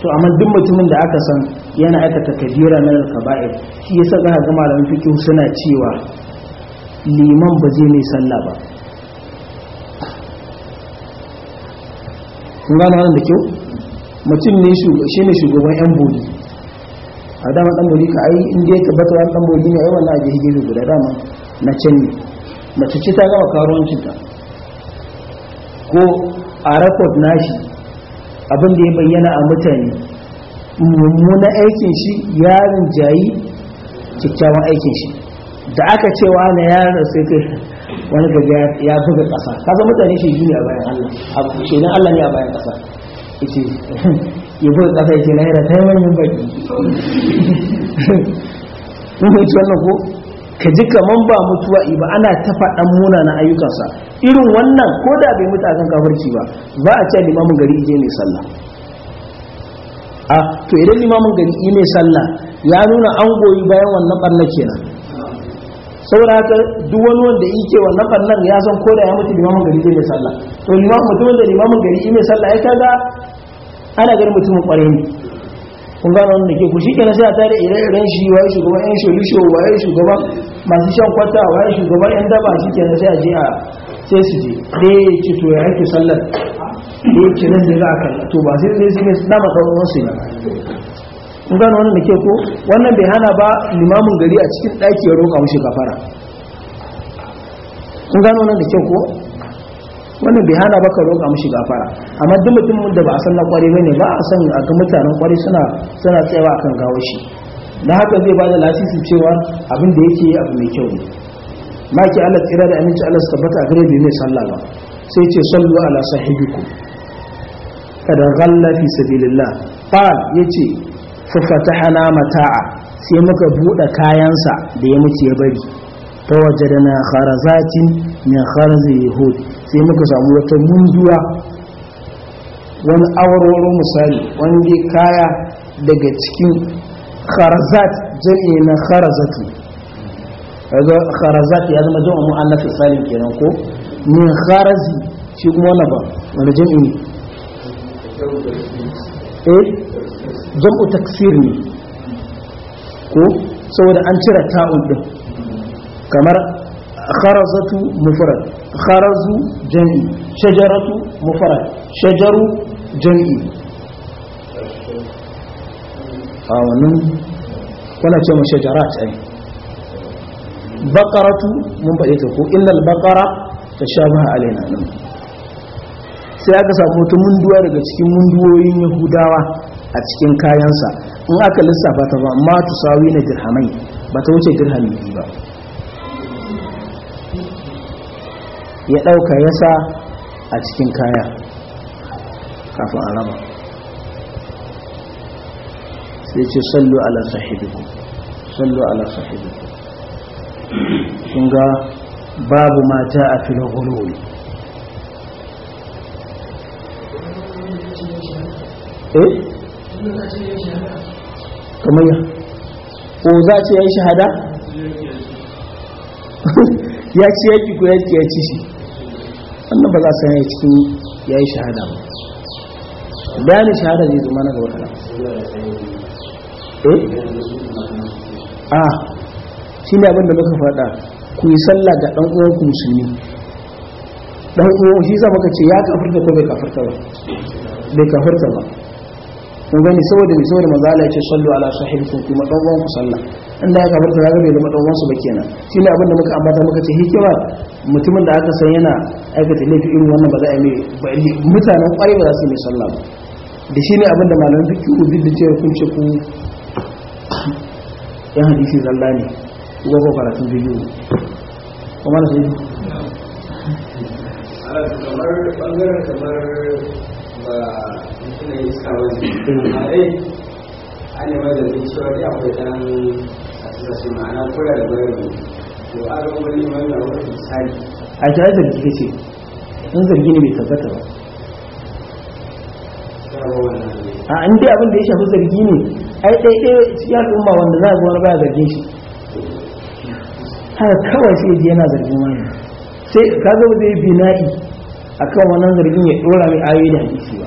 to amma duk mutumin da aka san yana aikata kabira na kaba'ir shi yasa za ga malamin fiqh suna cewa liman ba zai mai sallah ba kun gano wannan da kyau mutum ne shi ne shugaban yan boli a dama dan boli ka ai in dai ka bata dan boli ne ai wannan aje hige guda dama na can ne mace ce ta gama karuwancin ta ko a record nashi abin da ya bayyana a mutane mummuna aikin shi yarin jayi kyakkyawan aikin shi da aka cewa na yaron sai kai wani gaba ya buga ƙasa kasa mutane shi ne a bayan Allah Allah ne a bayan ƙasa ce ya bu kasa na lahira ta yi manyan baki mun fahimci wannan ko ka ji kaman ba mutuwa iba ana ta faɗan na ayyukansa irin wannan ko da bai mutu akan kafarci ba ba a ce limamin gari ije mai sallah a ah, to idan limamin gari ije mai sallah ya nuna an goyi bayan wannan barna kenan saboda haka duk wani wanda yake wannan fannan ya san ko da ya mutu limamin gari zai mai sallah to limamin mutum da limamin gari mai sallah ya kaga ana gari mutumin kwarai ne kun gano wanda ke ku shi kenan sai a tare ire-iren shi waye shugaban yan sholisho waye shugaban masu shan kwata wa waye shugaban yan daba shi kenan sai a je a sai su je ɗaya ya ce to ya yake sallar ɗaya ce nan da za a kalla to ba sai zai su ne su dama ɗan uwansu ne kun gano wannan da ke ko wannan bai hana ba limamin gari a cikin ɗaki ya roƙa mushi kafara kun gano wannan da ke ko wannan bai hana ba ka roƙa mushi gafara amma duk mutumin da ba a san na ba ne ba a san a ga mutanen kwari suna suna tsayawa akan gawo shi dan haka zai ba da lasisi cewa abin da yake yi abu mai kyau ne maki Allah tsira da aminci Allah su tabbata a gare bai sallah ba sai ce sallu ala sahibikum kada ghalla fi sabilillah qal yace hana mata'a sai muka buɗe kayansa da ya mutu ya bari ta waje da na kharazatin min kharazin yahud sai muka samu wata munduwa wani awarwaro misali wani kaya daga cikin kharazat jami'i na kharazatu daga kharazat ya zama jama'a mu'annafi tsarin kenan ko min kharazi shi kuma wani ba wani jami'i ne eh? jam'u taksir ne ko saboda an cire ta'un din kamar kharazatu mufrad kharazu jami shajaratu mufrad shajaru jami a wannan kuna ce mu shajarat ai baqaratu mun faɗe ta ko innal baqara tashabaha alaina nan sai aka samu wata munduwa daga cikin munduwoyin yahudawa a cikin kayansa in aka lissafa ta ba ma sawi na dirhamai ba ta wuce dirhami biyu ba ya ɗauka ya sa a cikin kaya kafin a raba sai ce sallu ala sahibiku sallu ala sahibiku sun ga babu mata a filo gulwuli eh kamar ya ko za ce ya yi shahada <laughs> ya ci ya ki ko ya ki ya ci shi wannan ba za a sanya cikin ya yi shahada ba bayanin shahada zai zama na ga wata eh a shi ne abinda muka fada ku yi sallah ga ɗan uwan ku musulmi ɗan uwan shi sa muka ce ya kafarta ko bai kafarta ba bai kafarta ba kun gani saboda mai saboda maza ya ce sallu ala sun ku madanwan ku sallah inda aka bar ta bai da madanwan su ba kenan shi ne abinda muka ambata muka ce hikima mutumin da aka san yana aikata laifi irin wannan ba za a yi mutanen kwari ba za su yi sallah ba da shi ne abinda malamin fiqh duk da ce kun ce ku yan hadisi zalla ne ko ko karatun bidiyo kuma na sai kamar bangaren kamar ba suna yi yi a ga wannan zargi ka in zargi ne bai tabbata ba a an dai abin da ya shafi zargi ne ai ɗaiɗaya cikin al'umma wanda za a zuwa a zargin shi haka kawai sai ji yana zargin wani sai ka zo zai bina'i akan wannan zargin ya ɗora mai ayoyi da hadisi ba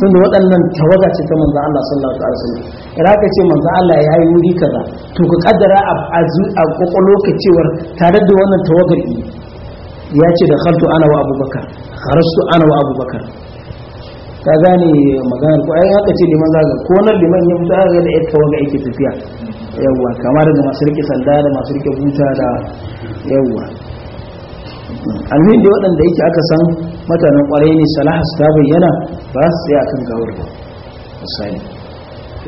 sun da waɗannan tawaga ce ta manzan Allah sallallahu alaihi wasallam idan ka ce manzan Allah ya yi wuri kaza to ka kaddara a kwakwalo ka cewar tare da wannan tawagar yi ya ce da khaltu ana wa abubakar harastu ana wa abubakar ka gane maganar ko ai haka ce liman zaga ko nan liman ya mutu da yadda tawaga yake tafiya yawwa Kamar da masu rike sanda da masu rike buta da yawwa almin da waɗanda yake aka san mutanen ƙwarai ne salahas ta bayyana ba za su tsaye akan gawar ba misali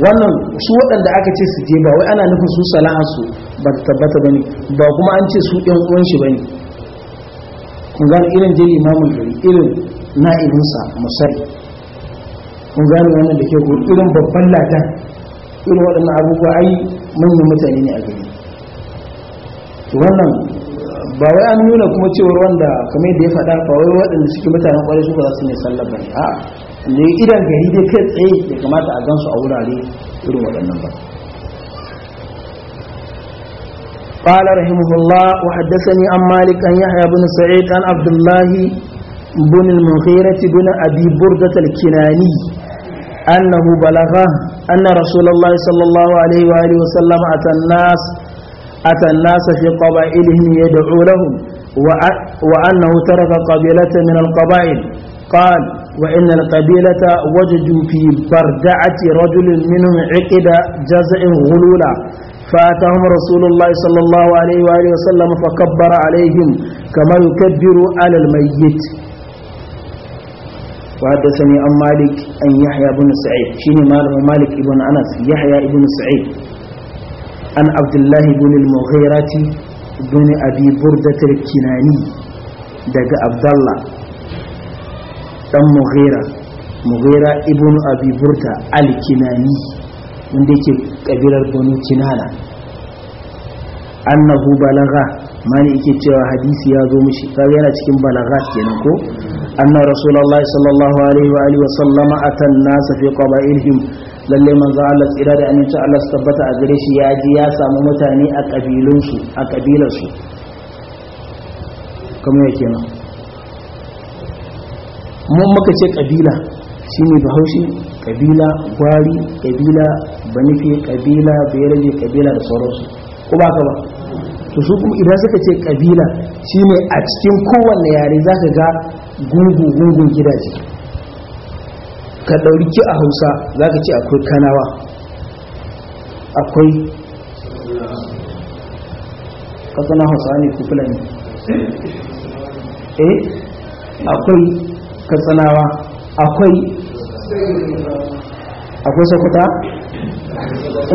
wannan su waɗanda aka ce su je ba wai ana nufin su salahas su ba ta tabbata ba ne ba kuma an ce su ɗan uwan shi ba ne kun gane irin je limamin gari irin na'ibinsa misali kun gane wannan da ke irin babban ladan irin waɗannan abubuwa ai manyan mutane ne a gari to wannan ba wai an nuna kuma cewar wanda kamar da ya faɗa ba wai waɗanda suke mutanen ƙwarai su ba za su ne sallar ba a ne idan gari dai kai tsaye ya kamata a gansu a wurare irin waɗannan ba قال رحمه الله وحدثني عن مالك عن يحيى بن سعيد عن عبد الله بن المغيرة بن أبي بردة الكناني أنه بلغه أن رسول الله صلى الله عليه وآله وسلم أتى الناس أتى الناس في قبائلهم يدعو لهم وأنه ترك قبيلة من القبائل قال وإن القبيلة وجدوا في بردعة رجل منهم عقد جزء غلولا فأتاهم رسول الله صلى الله عليه وآله وسلم فكبر عليهم كما يكبر على الميت وحدثني عن مالك أن يحيى بن سعيد شيني مالك بن أنس يحيى بن سعيد عن عبد الله بن المغيرة بن أبي بردة الكناني دق عبد الله دم مغيرة مغيرة ابن أبي بردة الكناني من ديك قبيلة بنو كنانة أنه mani ake cewa hadisi ya zo mishi kaga yana cikin balagat kenan ko anna rasulullahi sallallahu alaihi wa alihi wa sallama atan lalle manzo Allah tsira da aminci Allah su tabbata a gare shi ya ji ya samu mutane a kabilunsu a kabilarsu kuma yake kenan mun muka ce kabila shine bahaushe kabila gwari kabila banife kabila bayarje kabila da sauransu ko ba ka ba to su kuma idan suka ce kabila shine a cikin kowanne yare zaka ga gungu gungun gidaje ka ɗauriki a hausa za ka ce akwai kanawa akwai ƙasana hausa ne ko ne eh akwai katsanawa akwai akwai sakwata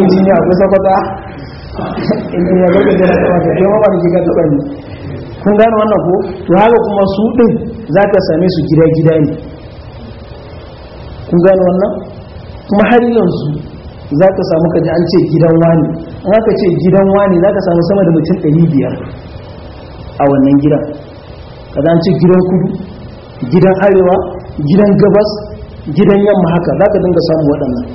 injiniya akwai sakwata injiniya zai jira da wata yawa ba da giga kan taɓa ne kun gano wannan ko to haka kuma su ɗin za ka same su gida-gida ne kun gane wannan kuma har yanzu za ka samu kaji an ce gidan wani an aka ce gidan wani za ka samu sama da mutum ɗari biyar a wannan gidan kada an ce gidan kudu gidan arewa gidan gabas gidan yamma haka za ka dinga samu waɗannan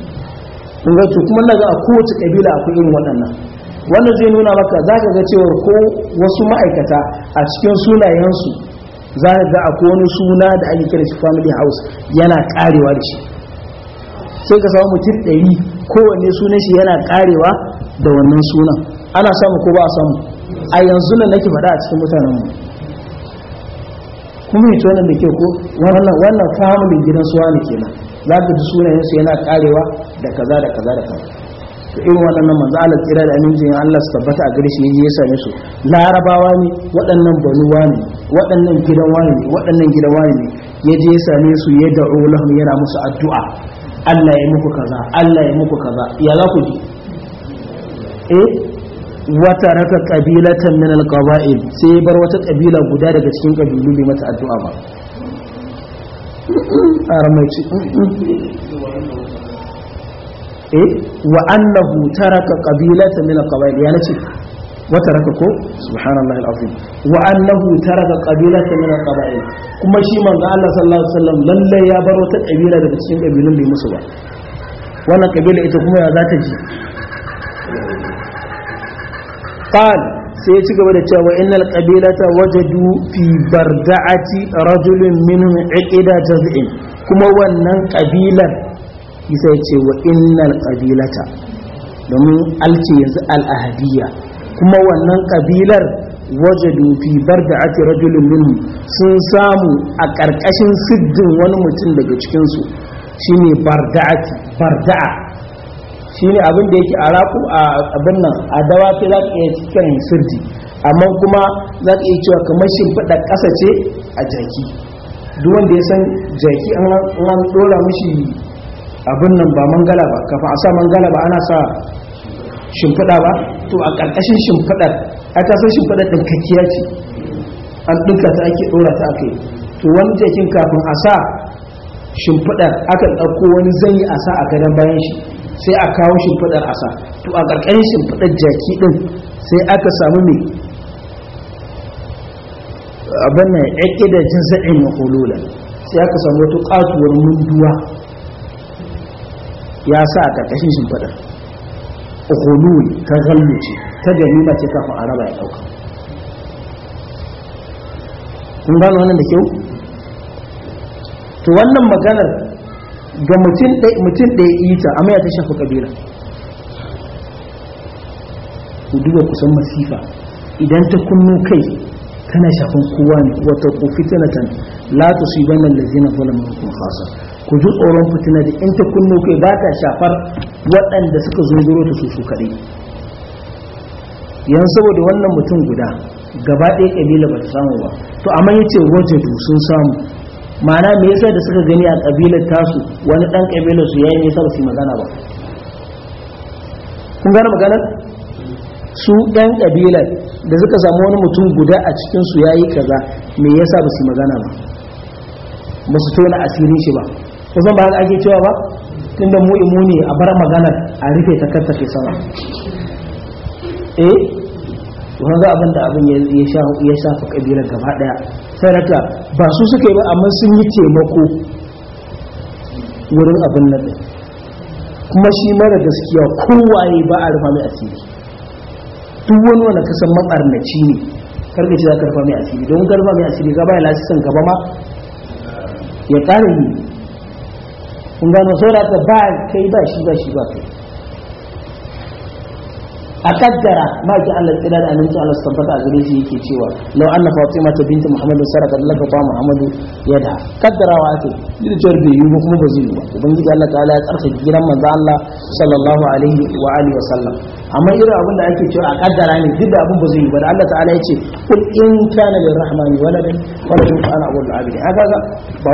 kun ga to kuma daga a kowace ƙabila akwai irin waɗannan wannan zai nuna maka za ka ga cewar ko wasu ma'aikata a cikin sunayensu za a ga akwai wani suna da ake kira shi family house yana karewa da shi sai ka samu mutum ɗari kowanne sunan shi yana karewa da wannan sunan ana samu ko ba a samu a yanzu nan nake faɗa a cikin mutanen mu kuma yi wannan da ke ko wannan wannan family gidan suwa ne kenan za ka ji sunayensu yana karewa da kaza da kaza da kaza to irin waɗannan manzo Allah tsira da amincin Allah su tabbata a gare shi yaje ya same su larabawa ne waɗannan banuwa ne waɗannan gidan wani ne waɗannan gidan wani ne je ya same su ya da'u lahum yana musu addu'a Allah ya muku kaza Allah ya muku kaza ya za ku ji eh wata raka kabilatan min alqaba'il sai ya bar wata kabila guda daga cikin kabilu bai mata addu'a ba a ramaici eh wa annahu taraka qabilatan min alqabail ya nace wa taraka ko subhanallahi alazim wa annahu taraka qabilatan min alqabail kuma shi manzo Allah sallallahu alaihi wasallam lalle ya baro ta kabila daga cikin kabilun bai musu ba wannan kabila ita kuma ya zata ji qal sai ya ci gaba da cewa innal qabilata wajadu fi barda'ati rajulin minhum iqida jaz'in kuma wannan kabilar isa ya ce wa innal ƙabilata domin alce yanzu al'ahadiyya kuma wannan ƙabilar wajadu fi ake rajulin minhum sun samu a ƙarƙashin siddin wani mutum daga cikinsu ne bar barda'a shine abin da yake a raku a abin nan a dawa sai za ka iya cikin sirdi amma kuma za ka iya cewa kamar shimfiɗa ƙasa ce a jaki duk wanda ya san jaki an ɗora mishi abin nan ba mangala ba kafin a sa mangala ba ana sa shimfiɗa ba to a ƙarƙashin shimfiɗar a san shimfiɗar ɗin kakkiya ce an ɗinka ta ake ɗora ta aka yi to wani jakin kafin a sa shimfiɗar aka ɗauko wani zanyi a sa a gadon bayan shi sai a kawo shimfiɗar a sa to a ƙarƙashin shimfiɗar jaki ɗin sai aka samu mai abin nan ya ƙi da jin za'in sai aka samu wata ƙatuwar munduwa ya sa a ƙarƙashin shimfiɗar ukhuluwi ta zalluce ta ganima ce kafin a raba ya ɗauka kun gano wannan da kyau to wannan maganar ga mutum ɗaya mutum ɗaya ita amma ya ta shafi ƙabila ku duba kusan masifa idan ta kunnu kai tana shafin kowa ne wata kofi tanatan la tusibanna allazina zalamu minkum khasa ku ji tsoron fitina da in ta kunno kai ba ta shafar waɗanda suka zunguro ta su su kaɗai yan saboda wannan mutum guda gaba ɗaya ƙabila ba ta samu ba to amma ya ce waje sun samu ma'ana me yasa da suka gani a ƙabilar tasu wani ɗan ƙabilar su yayi nisa ba su yi magana ba kun gane maganar su ɗan ƙabilar da suka samu wani mutum guda a cikin su yayi kaza me yasa ba su yi magana ba ba su tona asirin shi ba ko zan ba da ake cewa ba tunda mu imu ne a bar magana a rufe ta kanta ke sama eh wannan ga abin da abin ya sha ya fa kabila gaba daya sai raka ba su suke ba amma sun yi taimako wurin abin nan kuma shi mara gaskiya kowaye ba a rufa mai asiri duk wani wanda kasan matsarnaci ne ka ce za ka rufa mai asiri don karfa mai asiri gaba ya lasisan gaba ma ya ƙara ni. kun gano saboda ka ba kai ba shi ba shi ba kai a kaddara ma ki Allah tsira da aminci Allah tabbata a gare shi yake cewa law anna fatima ta binti muhammad saraka laka ba muhammad yada kaddarawa ake ni da jarbe yi ba kuma ba zai ba ubangiji Allah ta'ala ya tsarka giran manzo Allah sallallahu alaihi wa alihi wa sallam amma irin abin da ake cewa a kaddara ne duk da abin ba zai yi ba da Allah ta'ala ya ce kul in kana lirrahmani waladan walakin ana abul abidi haka ba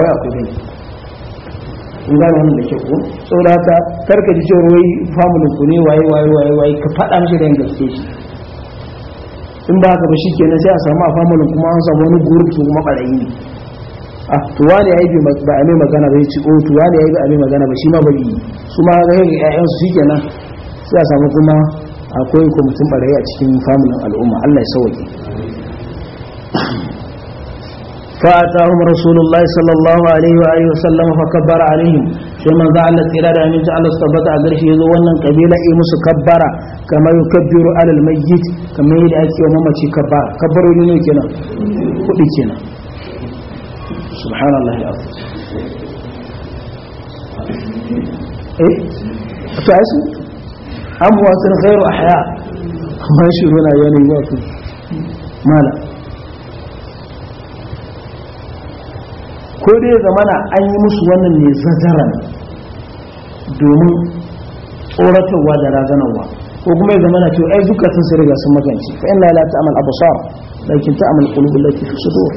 wai akwai bane kun gane wannan da kyau ko saboda haka karka ji cewa wai famulin ku ne waye waye waye waye ka faɗa mishi da yanda suke shi in ba ka ba shi kenan sai a samu a famulin kuma an samu wani group su kuma ɓarayi ne a ah, tuwa ne yi ba a mai magana ba ci o oh, tuwa ne yi ba a mai magana ba shi ma bari su ma ga yin ƴaƴan su shikenan sai a samu kuma akwai kwamitin ɓarayi a cikin famulin al'umma Allah ya sauke فأتاهم رسول الله صلى الله عليه وآله وسلم فكبر عليهم ثم زعل الإرادة أن جعل الصبت أدرش يذونا قبيلة إيمس كبر كما يكبر على الميت كما يدعك يوم ما كبر كبروا لنا كنا كنا سبحان الله العظيم إيه فأسم أموات غير أحياء ما يشيرون أيانا يوافق ما لا ko dai zamana an yi musu wannan ne zazaran domin tsoratarwa da razanarwa ko kuma ya zamana ce ai zukatan su riga sun magance fa inna la ta'mal absar lakin ta'mal qulub allati fi sudur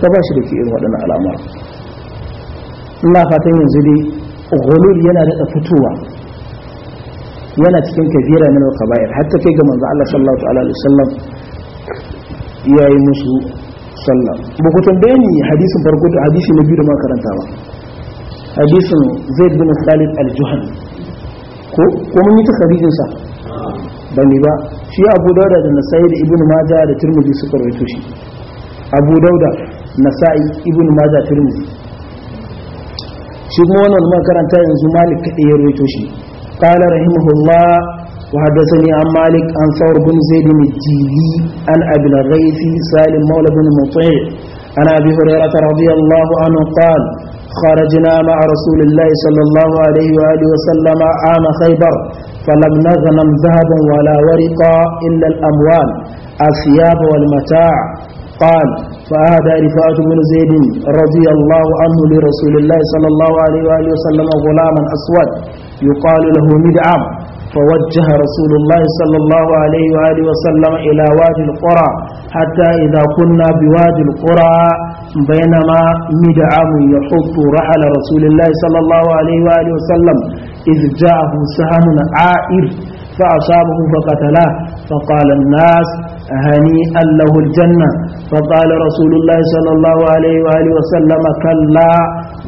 ka ba shi da ke irin waɗannan al'amura ina fatan yanzu dai gulul yana da fitowa yana cikin kabira min al-kaba'ir hatta kai ga manzo Allah sallallahu alaihi wasallam yayi musu sallah ba ku tambaye ni hadisin farko da hadisi na biyu da makaranta ba hadisin zaid bin khalid al-juhani ko ko mun yi takarijin sa ba ne ba shi abu dauda da nasa'i da ibnu maja da turmuzi suka rawaito shi abu dauda nasa'i ibnu maja turmuzi shi kuma wannan makaranta yanzu malik kadai ya rawaito shi qala rahimahullah وحدثني عن مالك عن ثور بن زيد الجيلي عن أبي الغيث سالم مولى بن مطيع عن أبي هريرة رضي الله عنه قال خرجنا مع رسول الله صلى الله عليه وآله وسلم عام خيبر فلم نغنم ذهبا ولا ورقا إلا الأموال الثياب والمتاع قال فأهدى رفاعة بن زيد رضي الله عنه لرسول الله صلى الله عليه وآله وسلم غلاما أسود يقال له مدعم فوجه رسول الله صلى الله عليه وآله وسلم إلى وادي القرى حتى إذا كنا بوادي القرى بينما مدعم يحط رحل رسول الله صلى الله عليه وآله وسلم إذ جاءه سهم عائر فأصابه فقتلاه فقال الناس هنيئا له الجنة فقال رسول الله صلى الله عليه وآله وسلم كلا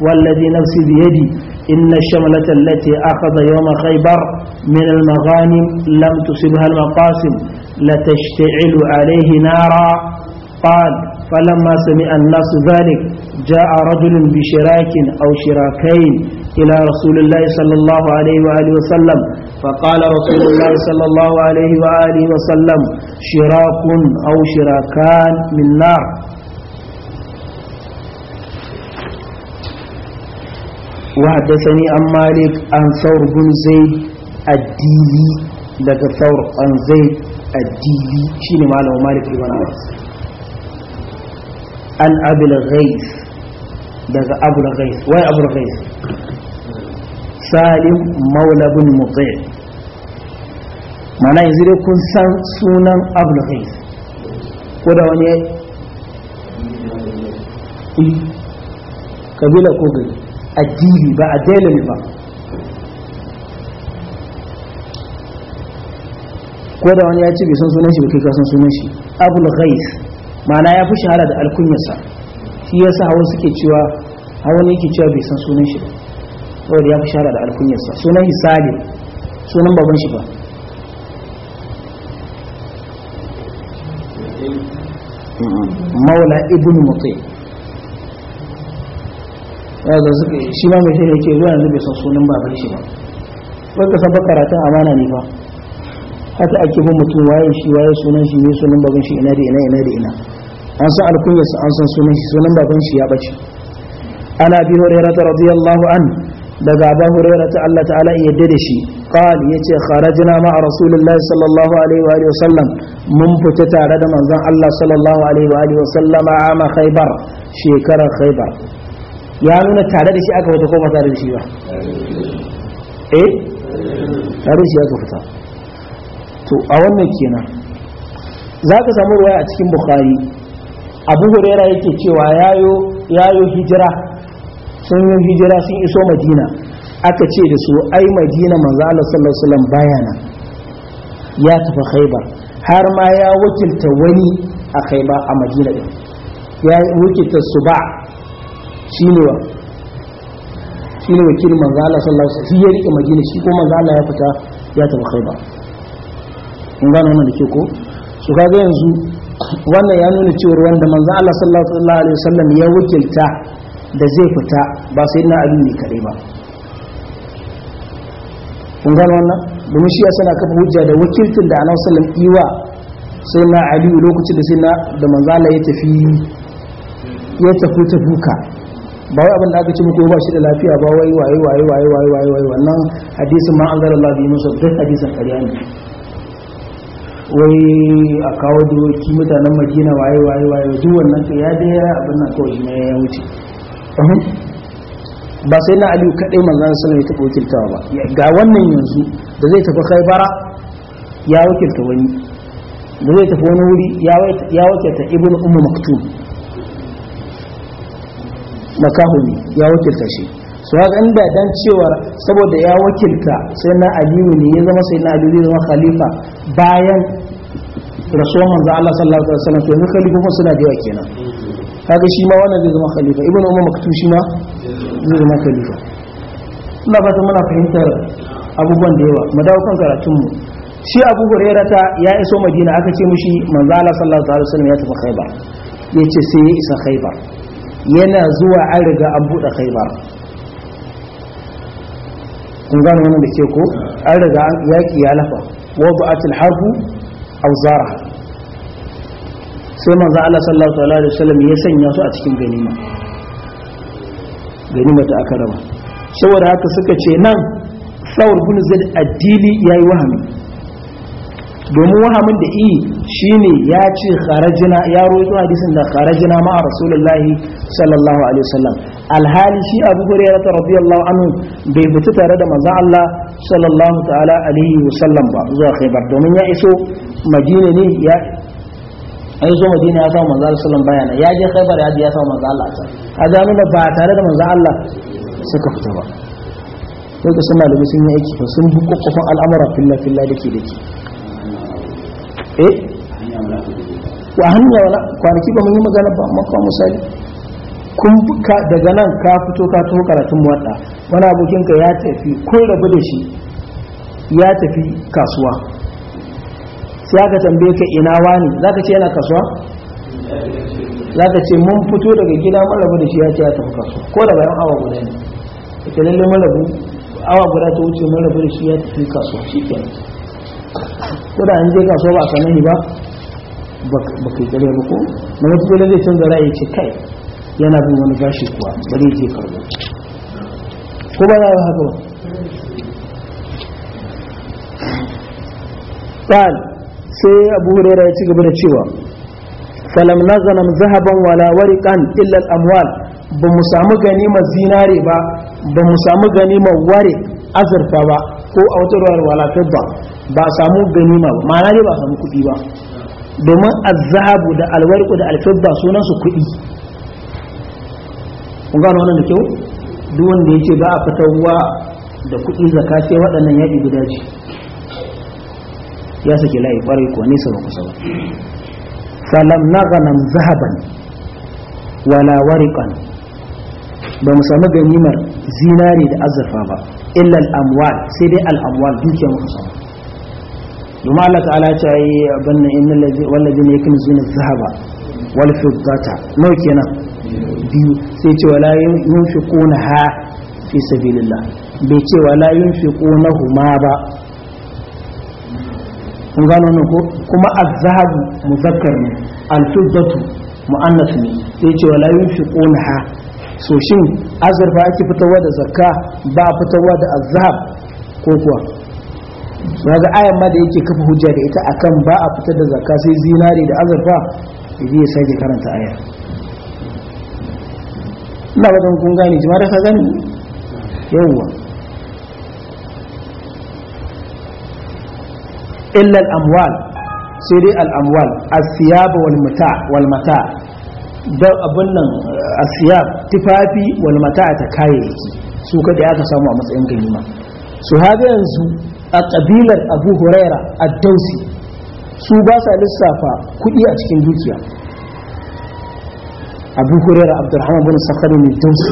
والذي نفسي بيدي إن الشملة التي أخذ يوم خيبر من المغانم لم تصبها المقاسم لتشتعل عليه نارا قال فلما سمع الناس ذلك جاء رجل بشراك أو شراكين إلى رسول الله صلى الله عليه وآله وسلم فقال رسول الله صلى الله عليه وآله وسلم شراك أو شراكان من نار وحدثني عن مالك عن ثور بن زيد الديلي لك ثور عن زيد الديلي شين ماله مالك بن أنس عن أبي الغيث لك أبو الغيث وين أبو الغيث salim maulabin mutai mana yanzu dai kun san sunan abulhais ko da wani kabila ko gari addini ba a dalil ba ko da wani ya ce bai san sunan shi ba kai ka san sunan shi abul ghais ma'ana ya fi shahara da alkunyarsa shi yasa hawa suke cewa hawa ne yake cewa bai san sunan shi ba saboda ya fi shahara da alkunyarsa sunan shi sunan baban shi ba maula ibn mutai yanzu suka shi ma mai shi yake zuwa yanzu bai san sunan baban shi ba wai ka saba karatun amana ne fa haka ake bin mutum waye shi waye sunan shi ne sunan baban shi ina da ina ina da ina an san alkunyarsa an san sunan shi sunan baban shi ya bace ana bi hurairata radiyallahu an daga abu hurairata Allah ta'ala in yarda da shi qal yace kharajna ma'a rasulillahi sallallahu alaihi wa alihi mun fita tare da manzon Allah sallallahu alaihi wa alihi ama khaybar shekarar khaybar ya nuna tare da shi aka wata ko tare da shi ba eh tare da shi aka fita to a wannan kenan za ka samu ruwaya a cikin bukari? abu hurera yake cewa yayo hijira sun yi hijira sun iso madina aka ce da su ai madina manzo Allah sallallahu alaihi bayana ya tafi khaibar har ma ya wakilta wani a khaibar a madina ya wakilta suba shine wa shine wakilin manzo sallallahu alaihi wasallam shi ya rike majina shi ko Manzala ya fita ya tafi Khaibar in gano wannan da ke ko su kaga yanzu wannan ya nuna cewa wanda Manzala sallallahu alaihi wasallam ya wakilta da zai fita ba sai na abin ne kare ba kun gano wannan domin shi ya sana kafa hujja da wakilcin da Annabi sallallahu alaihi iwa sai na Ali lokacin da sai na da Manzala ya tafi ya tafi tabuka ba wai abin da aka ce muku ba shi da lafiya ba wai waye waye waye waye waye waye wannan hadisin ma an zara Allah bi musu duk hadisin ƙarya ne wai a kawo doki mutanen Madina waye waye waye duk wannan ka ya da abin nan kawai ne ya wuce ba sai na Aliyu kadai manzon sallallahu alaihi wasallam ya wakiltawa ba ga wannan yanzu da zai tafi Khaibara ya wakilta wani da zai tafi wani wuri ya wakilta Ibn Umm Maktum makahuni ya wakilta shi su haka inda dan cewar saboda ya wakilta sai na aliyu ne ya zama sai na aliyu zama khalifa bayan rasuwan manzo Allah sallallahu alaihi wasallam to ne khalifa suna da yawa kenan kaga shi ma wannan zai zama khalifa ibnu umar maktum shi ma zai zama khalifa ina fata muna fahimtar abubuwan da yawa mu dawo kan karatun mu shi abu ya ta ya iso madina aka ce mushi manzo Allah sallallahu alaihi wasallam ya tafi khaibar yace sai ya isa khaibar yana zuwa an riga an buɗe khaibar kun gano wannan da ke ko an riga yaƙi ya lafa wadda harbu harfu zara sai manzo Allah sallallahu alaihi wasallam ya sanya su a cikin ganima ganima ta aka raba saboda haka suka ce nan sawar bin zaid addili yayi wahami domin wahamin da iyi shine ya ce kharajina ya rawaito hadisin da kharajina ma rasulullahi sallallahu alaihi wasallam alhali shi abu hurairah radiyallahu anhu bai fita tare da manzon Allah sallallahu ta'ala alaihi wasallam ba zuwa khaybar domin ya iso madina ne ya an zo madina ya samu manzo sallam bayana ya je khaybar ya ya samu manzo Allah can kaga nuna ba tare da manzo Allah suka fita ba sai ka sun malami sun yi aiki sun bi kokkofin al'amura fillah fillah dake dake eh wa hanya wala kwanaki ba mun yi magana ba amma kuma misali kun buka daga nan ka fito ka tuho karatun muwadda wani abokinka ya tafi kun rabu da shi ya tafi kasuwa sai aka tambaye ka ina wani zaka ce yana kasuwa zaka ce mun fito daga gida mun rabu da shi ya ce ya tafi kasuwa ko da bayan awa guda ne ita lalle mun rabu awa guda ta wuce mun rabu da shi ya tafi kasuwa shikenan ko da an je kasuwa ba a sanani ba ba kai gare ba ko na wata gare zai canza ra'ayi ce kai yana bin wani gashi kuwa ba zai je karbo ko ba za a haka ba ɗan sai abu hurera ya ci gaba da cewa salam na zanam zahaban wala wari kan illal amwal ba mu samu ganima zinare ba ba mu samu ganima wari azurta ba ko a wata ruwa ba ba a samu ganima ba ma'ana ne ba a samu kuɗi ba domin azhabu da alwarku da alfibba sunan su kuɗi kun gano wannan da kyau duk wanda ya ce ba a fitarwa da kuɗi zaka sai waɗannan yaƙi guda ce ya sake layi ƙwarai ko nesa ba kusa ba falam na ganan zahaban wala wariƙan ba mu samu ganimar zinari da azurfa ba illa al'amwal sai dai al'amwal dukiya muka samu domin Allah ta'ala ta yi abin nan inna wallazina zina zahaba wal fiddata nawa kenan biyu sai ce wala yunfiquna ha fi sabilillah bai ce wala yunfiquna huma ba kun gano ne ko kuma az-zahabu muzakkar ne al-fiddatu muannas ne sai ce wala yunfiquna ha so shin azurfa ake fitowa da zakka ba fitowa da azhab ko kuwa ga ayan ma da yake kafa hujja da ita akan ba a fitar da zakka sai zinari da azurfa idan ya sake karanta aya ina ba kun gane jama'a da ka gani yawwa illa al sai dai al-amwal as-siyab wal mata wal mata abun nan eh, as-siyab tifafi wal ta kayayyaki su kada aka samu a matsayin ganima su haɗe yanzu a ƙabilar abu huraira a dausi su ba sa lissafa kuɗi a cikin dukiya abu huraira abdurrahman bin sakhari ne dausi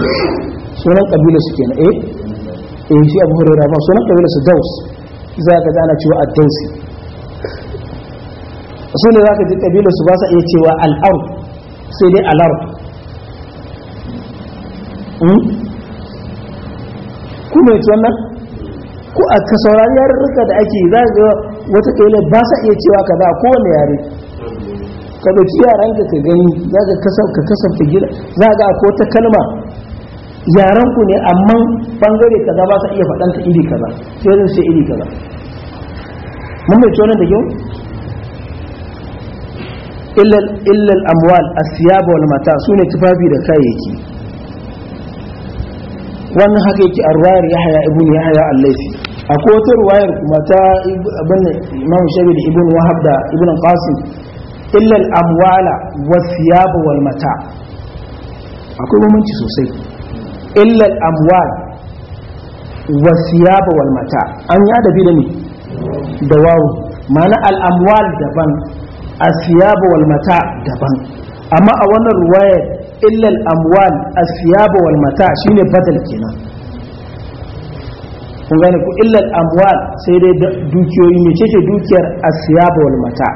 sunan ƙabilar su kenan eh eh shi abu huraira ba sunan ƙabilar su daus za ka gana cewa a dausi su ne za ka ji ƙabilar su ba sa iya cewa al'ar sai dai al'ar hmm? kuma ya ci wannan ko a ka saurari yarurruka da ake za ga wata kaila ba sa iya cewa ka za kowane yare ka ɗauki yaranka ka gani za ka kasafta gida za ga ko ta kalma ku ne amma bangare za ba sa iya faɗanta iri kaza sai zai sai iri kaza mun mai tonan da kyau illal amwal asiyaba wal mata su ne tufafi da kayayyaki wannan haka yake ya haya yahaya ibn ya haya allaisi a wata ruwayar kuma ta abin imam shabi da ibn wahab da ibn qasim illa al-amwala was-siyab wal-mata akwai bambanci sosai illa al-amwal was-siyab wal-mata an ya dabi da ne da wawu ma'ana al-amwal daban as-siyab wal-mata daban amma a wannan ruwayar illa al-amwal as-siyab wal-mata shine badal kenan kun gane ku illal amwal sai dai dukiyoyi mai ce dukiyar asiyaba wal mata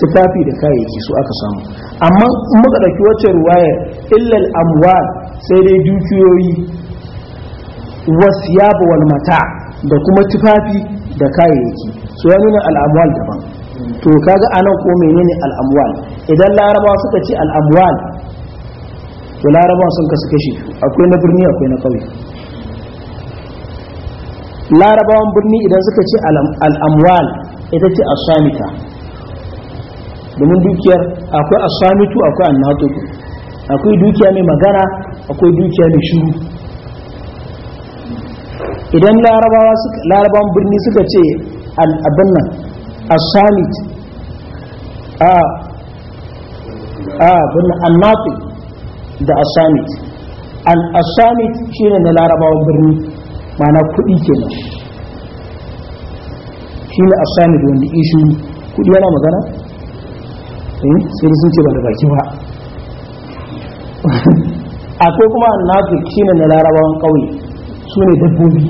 tufafi da kayayyaki su aka samu amma in muka dauki wacce ruwayar illal amwal sai dai dukiyoyi wasiyaba wal mata da kuma tufafi da kayayyaki su ya nuna al'amwal daban to kaga anan ko menene al'amwal idan larabawa suka ce al'amwal to larabawa sun kasu kashi akwai na birni akwai na ƙauye larabawan birni idan suka ce al'amwal ita ce asamita domin dukiyar akwai asamitu akwai annatuku akwai dukiya mai magana akwai dukiya mai shuru idan larabawan birni suka ce al'abin nan asamit a abin annatu da asamit al'asamit shi ne na larabawan birni mana kuɗi kenan shi ne asani da wanda ishi kuɗi yana magana eh sai sun ce ba da baki ba <laughs> akwai kuma annafik shi ne na larabawan ƙauye su ne dabbobi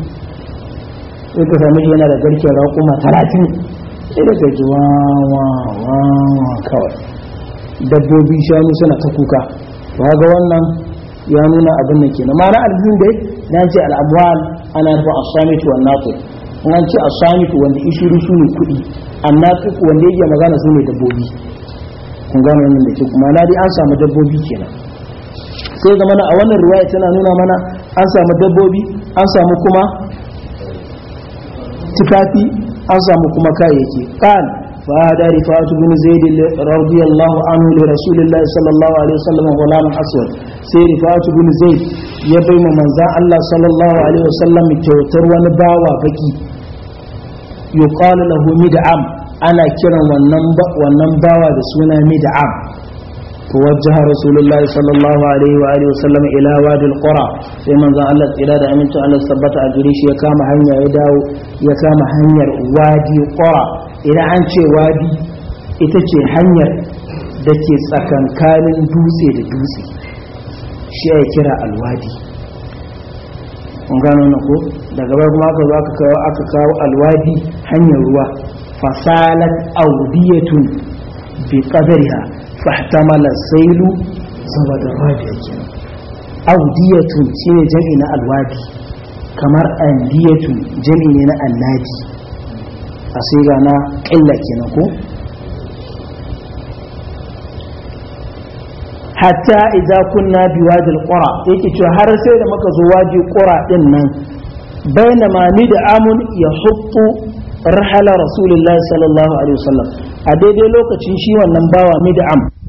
sai ka sami yana da garken raƙuma talatin sai da kai wa wa wa kawai dabbobi shanu suna ta kuka ba ga wannan ya nuna abin nan kenan ma'ana albiyu na ce al'amwal ana nufin asamitu wa nafi natir an ce asamitu wanda ishiru su ne kuɗi annatir wanda yake magana su ne dabbobi kun gano wannan da ke kuma na dai an samu dabbobi kenan sai zama a wannan ruwaya tana nuna mana an samu dabbobi an samu kuma tufafi an samu kuma kayayyaki qala فهذا رفاعة بن زيد رضي الله عنه لرسول الله صلى الله عليه وسلم غلام أسود سي رفاعة بن زيد يبين من ذا الله صلى الله عليه وسلم توتر ونباوى بكي يقال له مدعم أنا كرا ونباوى بسونا مدعم فوجه رسول الله صلى الله عليه وآله وسلم إلى وادي القرى sai manzon Allah tsira da aminci Allah sabbata a gare shi ya kama hanya ya dawo ya kama hanyar wadi qura idan an ce wadi ita ce hanyar da ke tsakankanin dutse da dutse shi ya kira alwadi gano na ko daga bar kuma aka zo aka kawo aka kawo alwadi hanyar ruwa fasalat audiyatun bi qadariha fahtamala sailu saboda rabiya kenan audiyatun shine jam'ina na alwadi kamar andiyatun jami'i ne na annadi a siga na ƙilla kenan ko hatta idza kunna biwadil qura yake cewa har sai da muka zo waji qura din nan ma ni da amun ya hubbu rahala rasulullahi sallallahu alaihi wasallam a daidai lokacin shi wannan bawa am.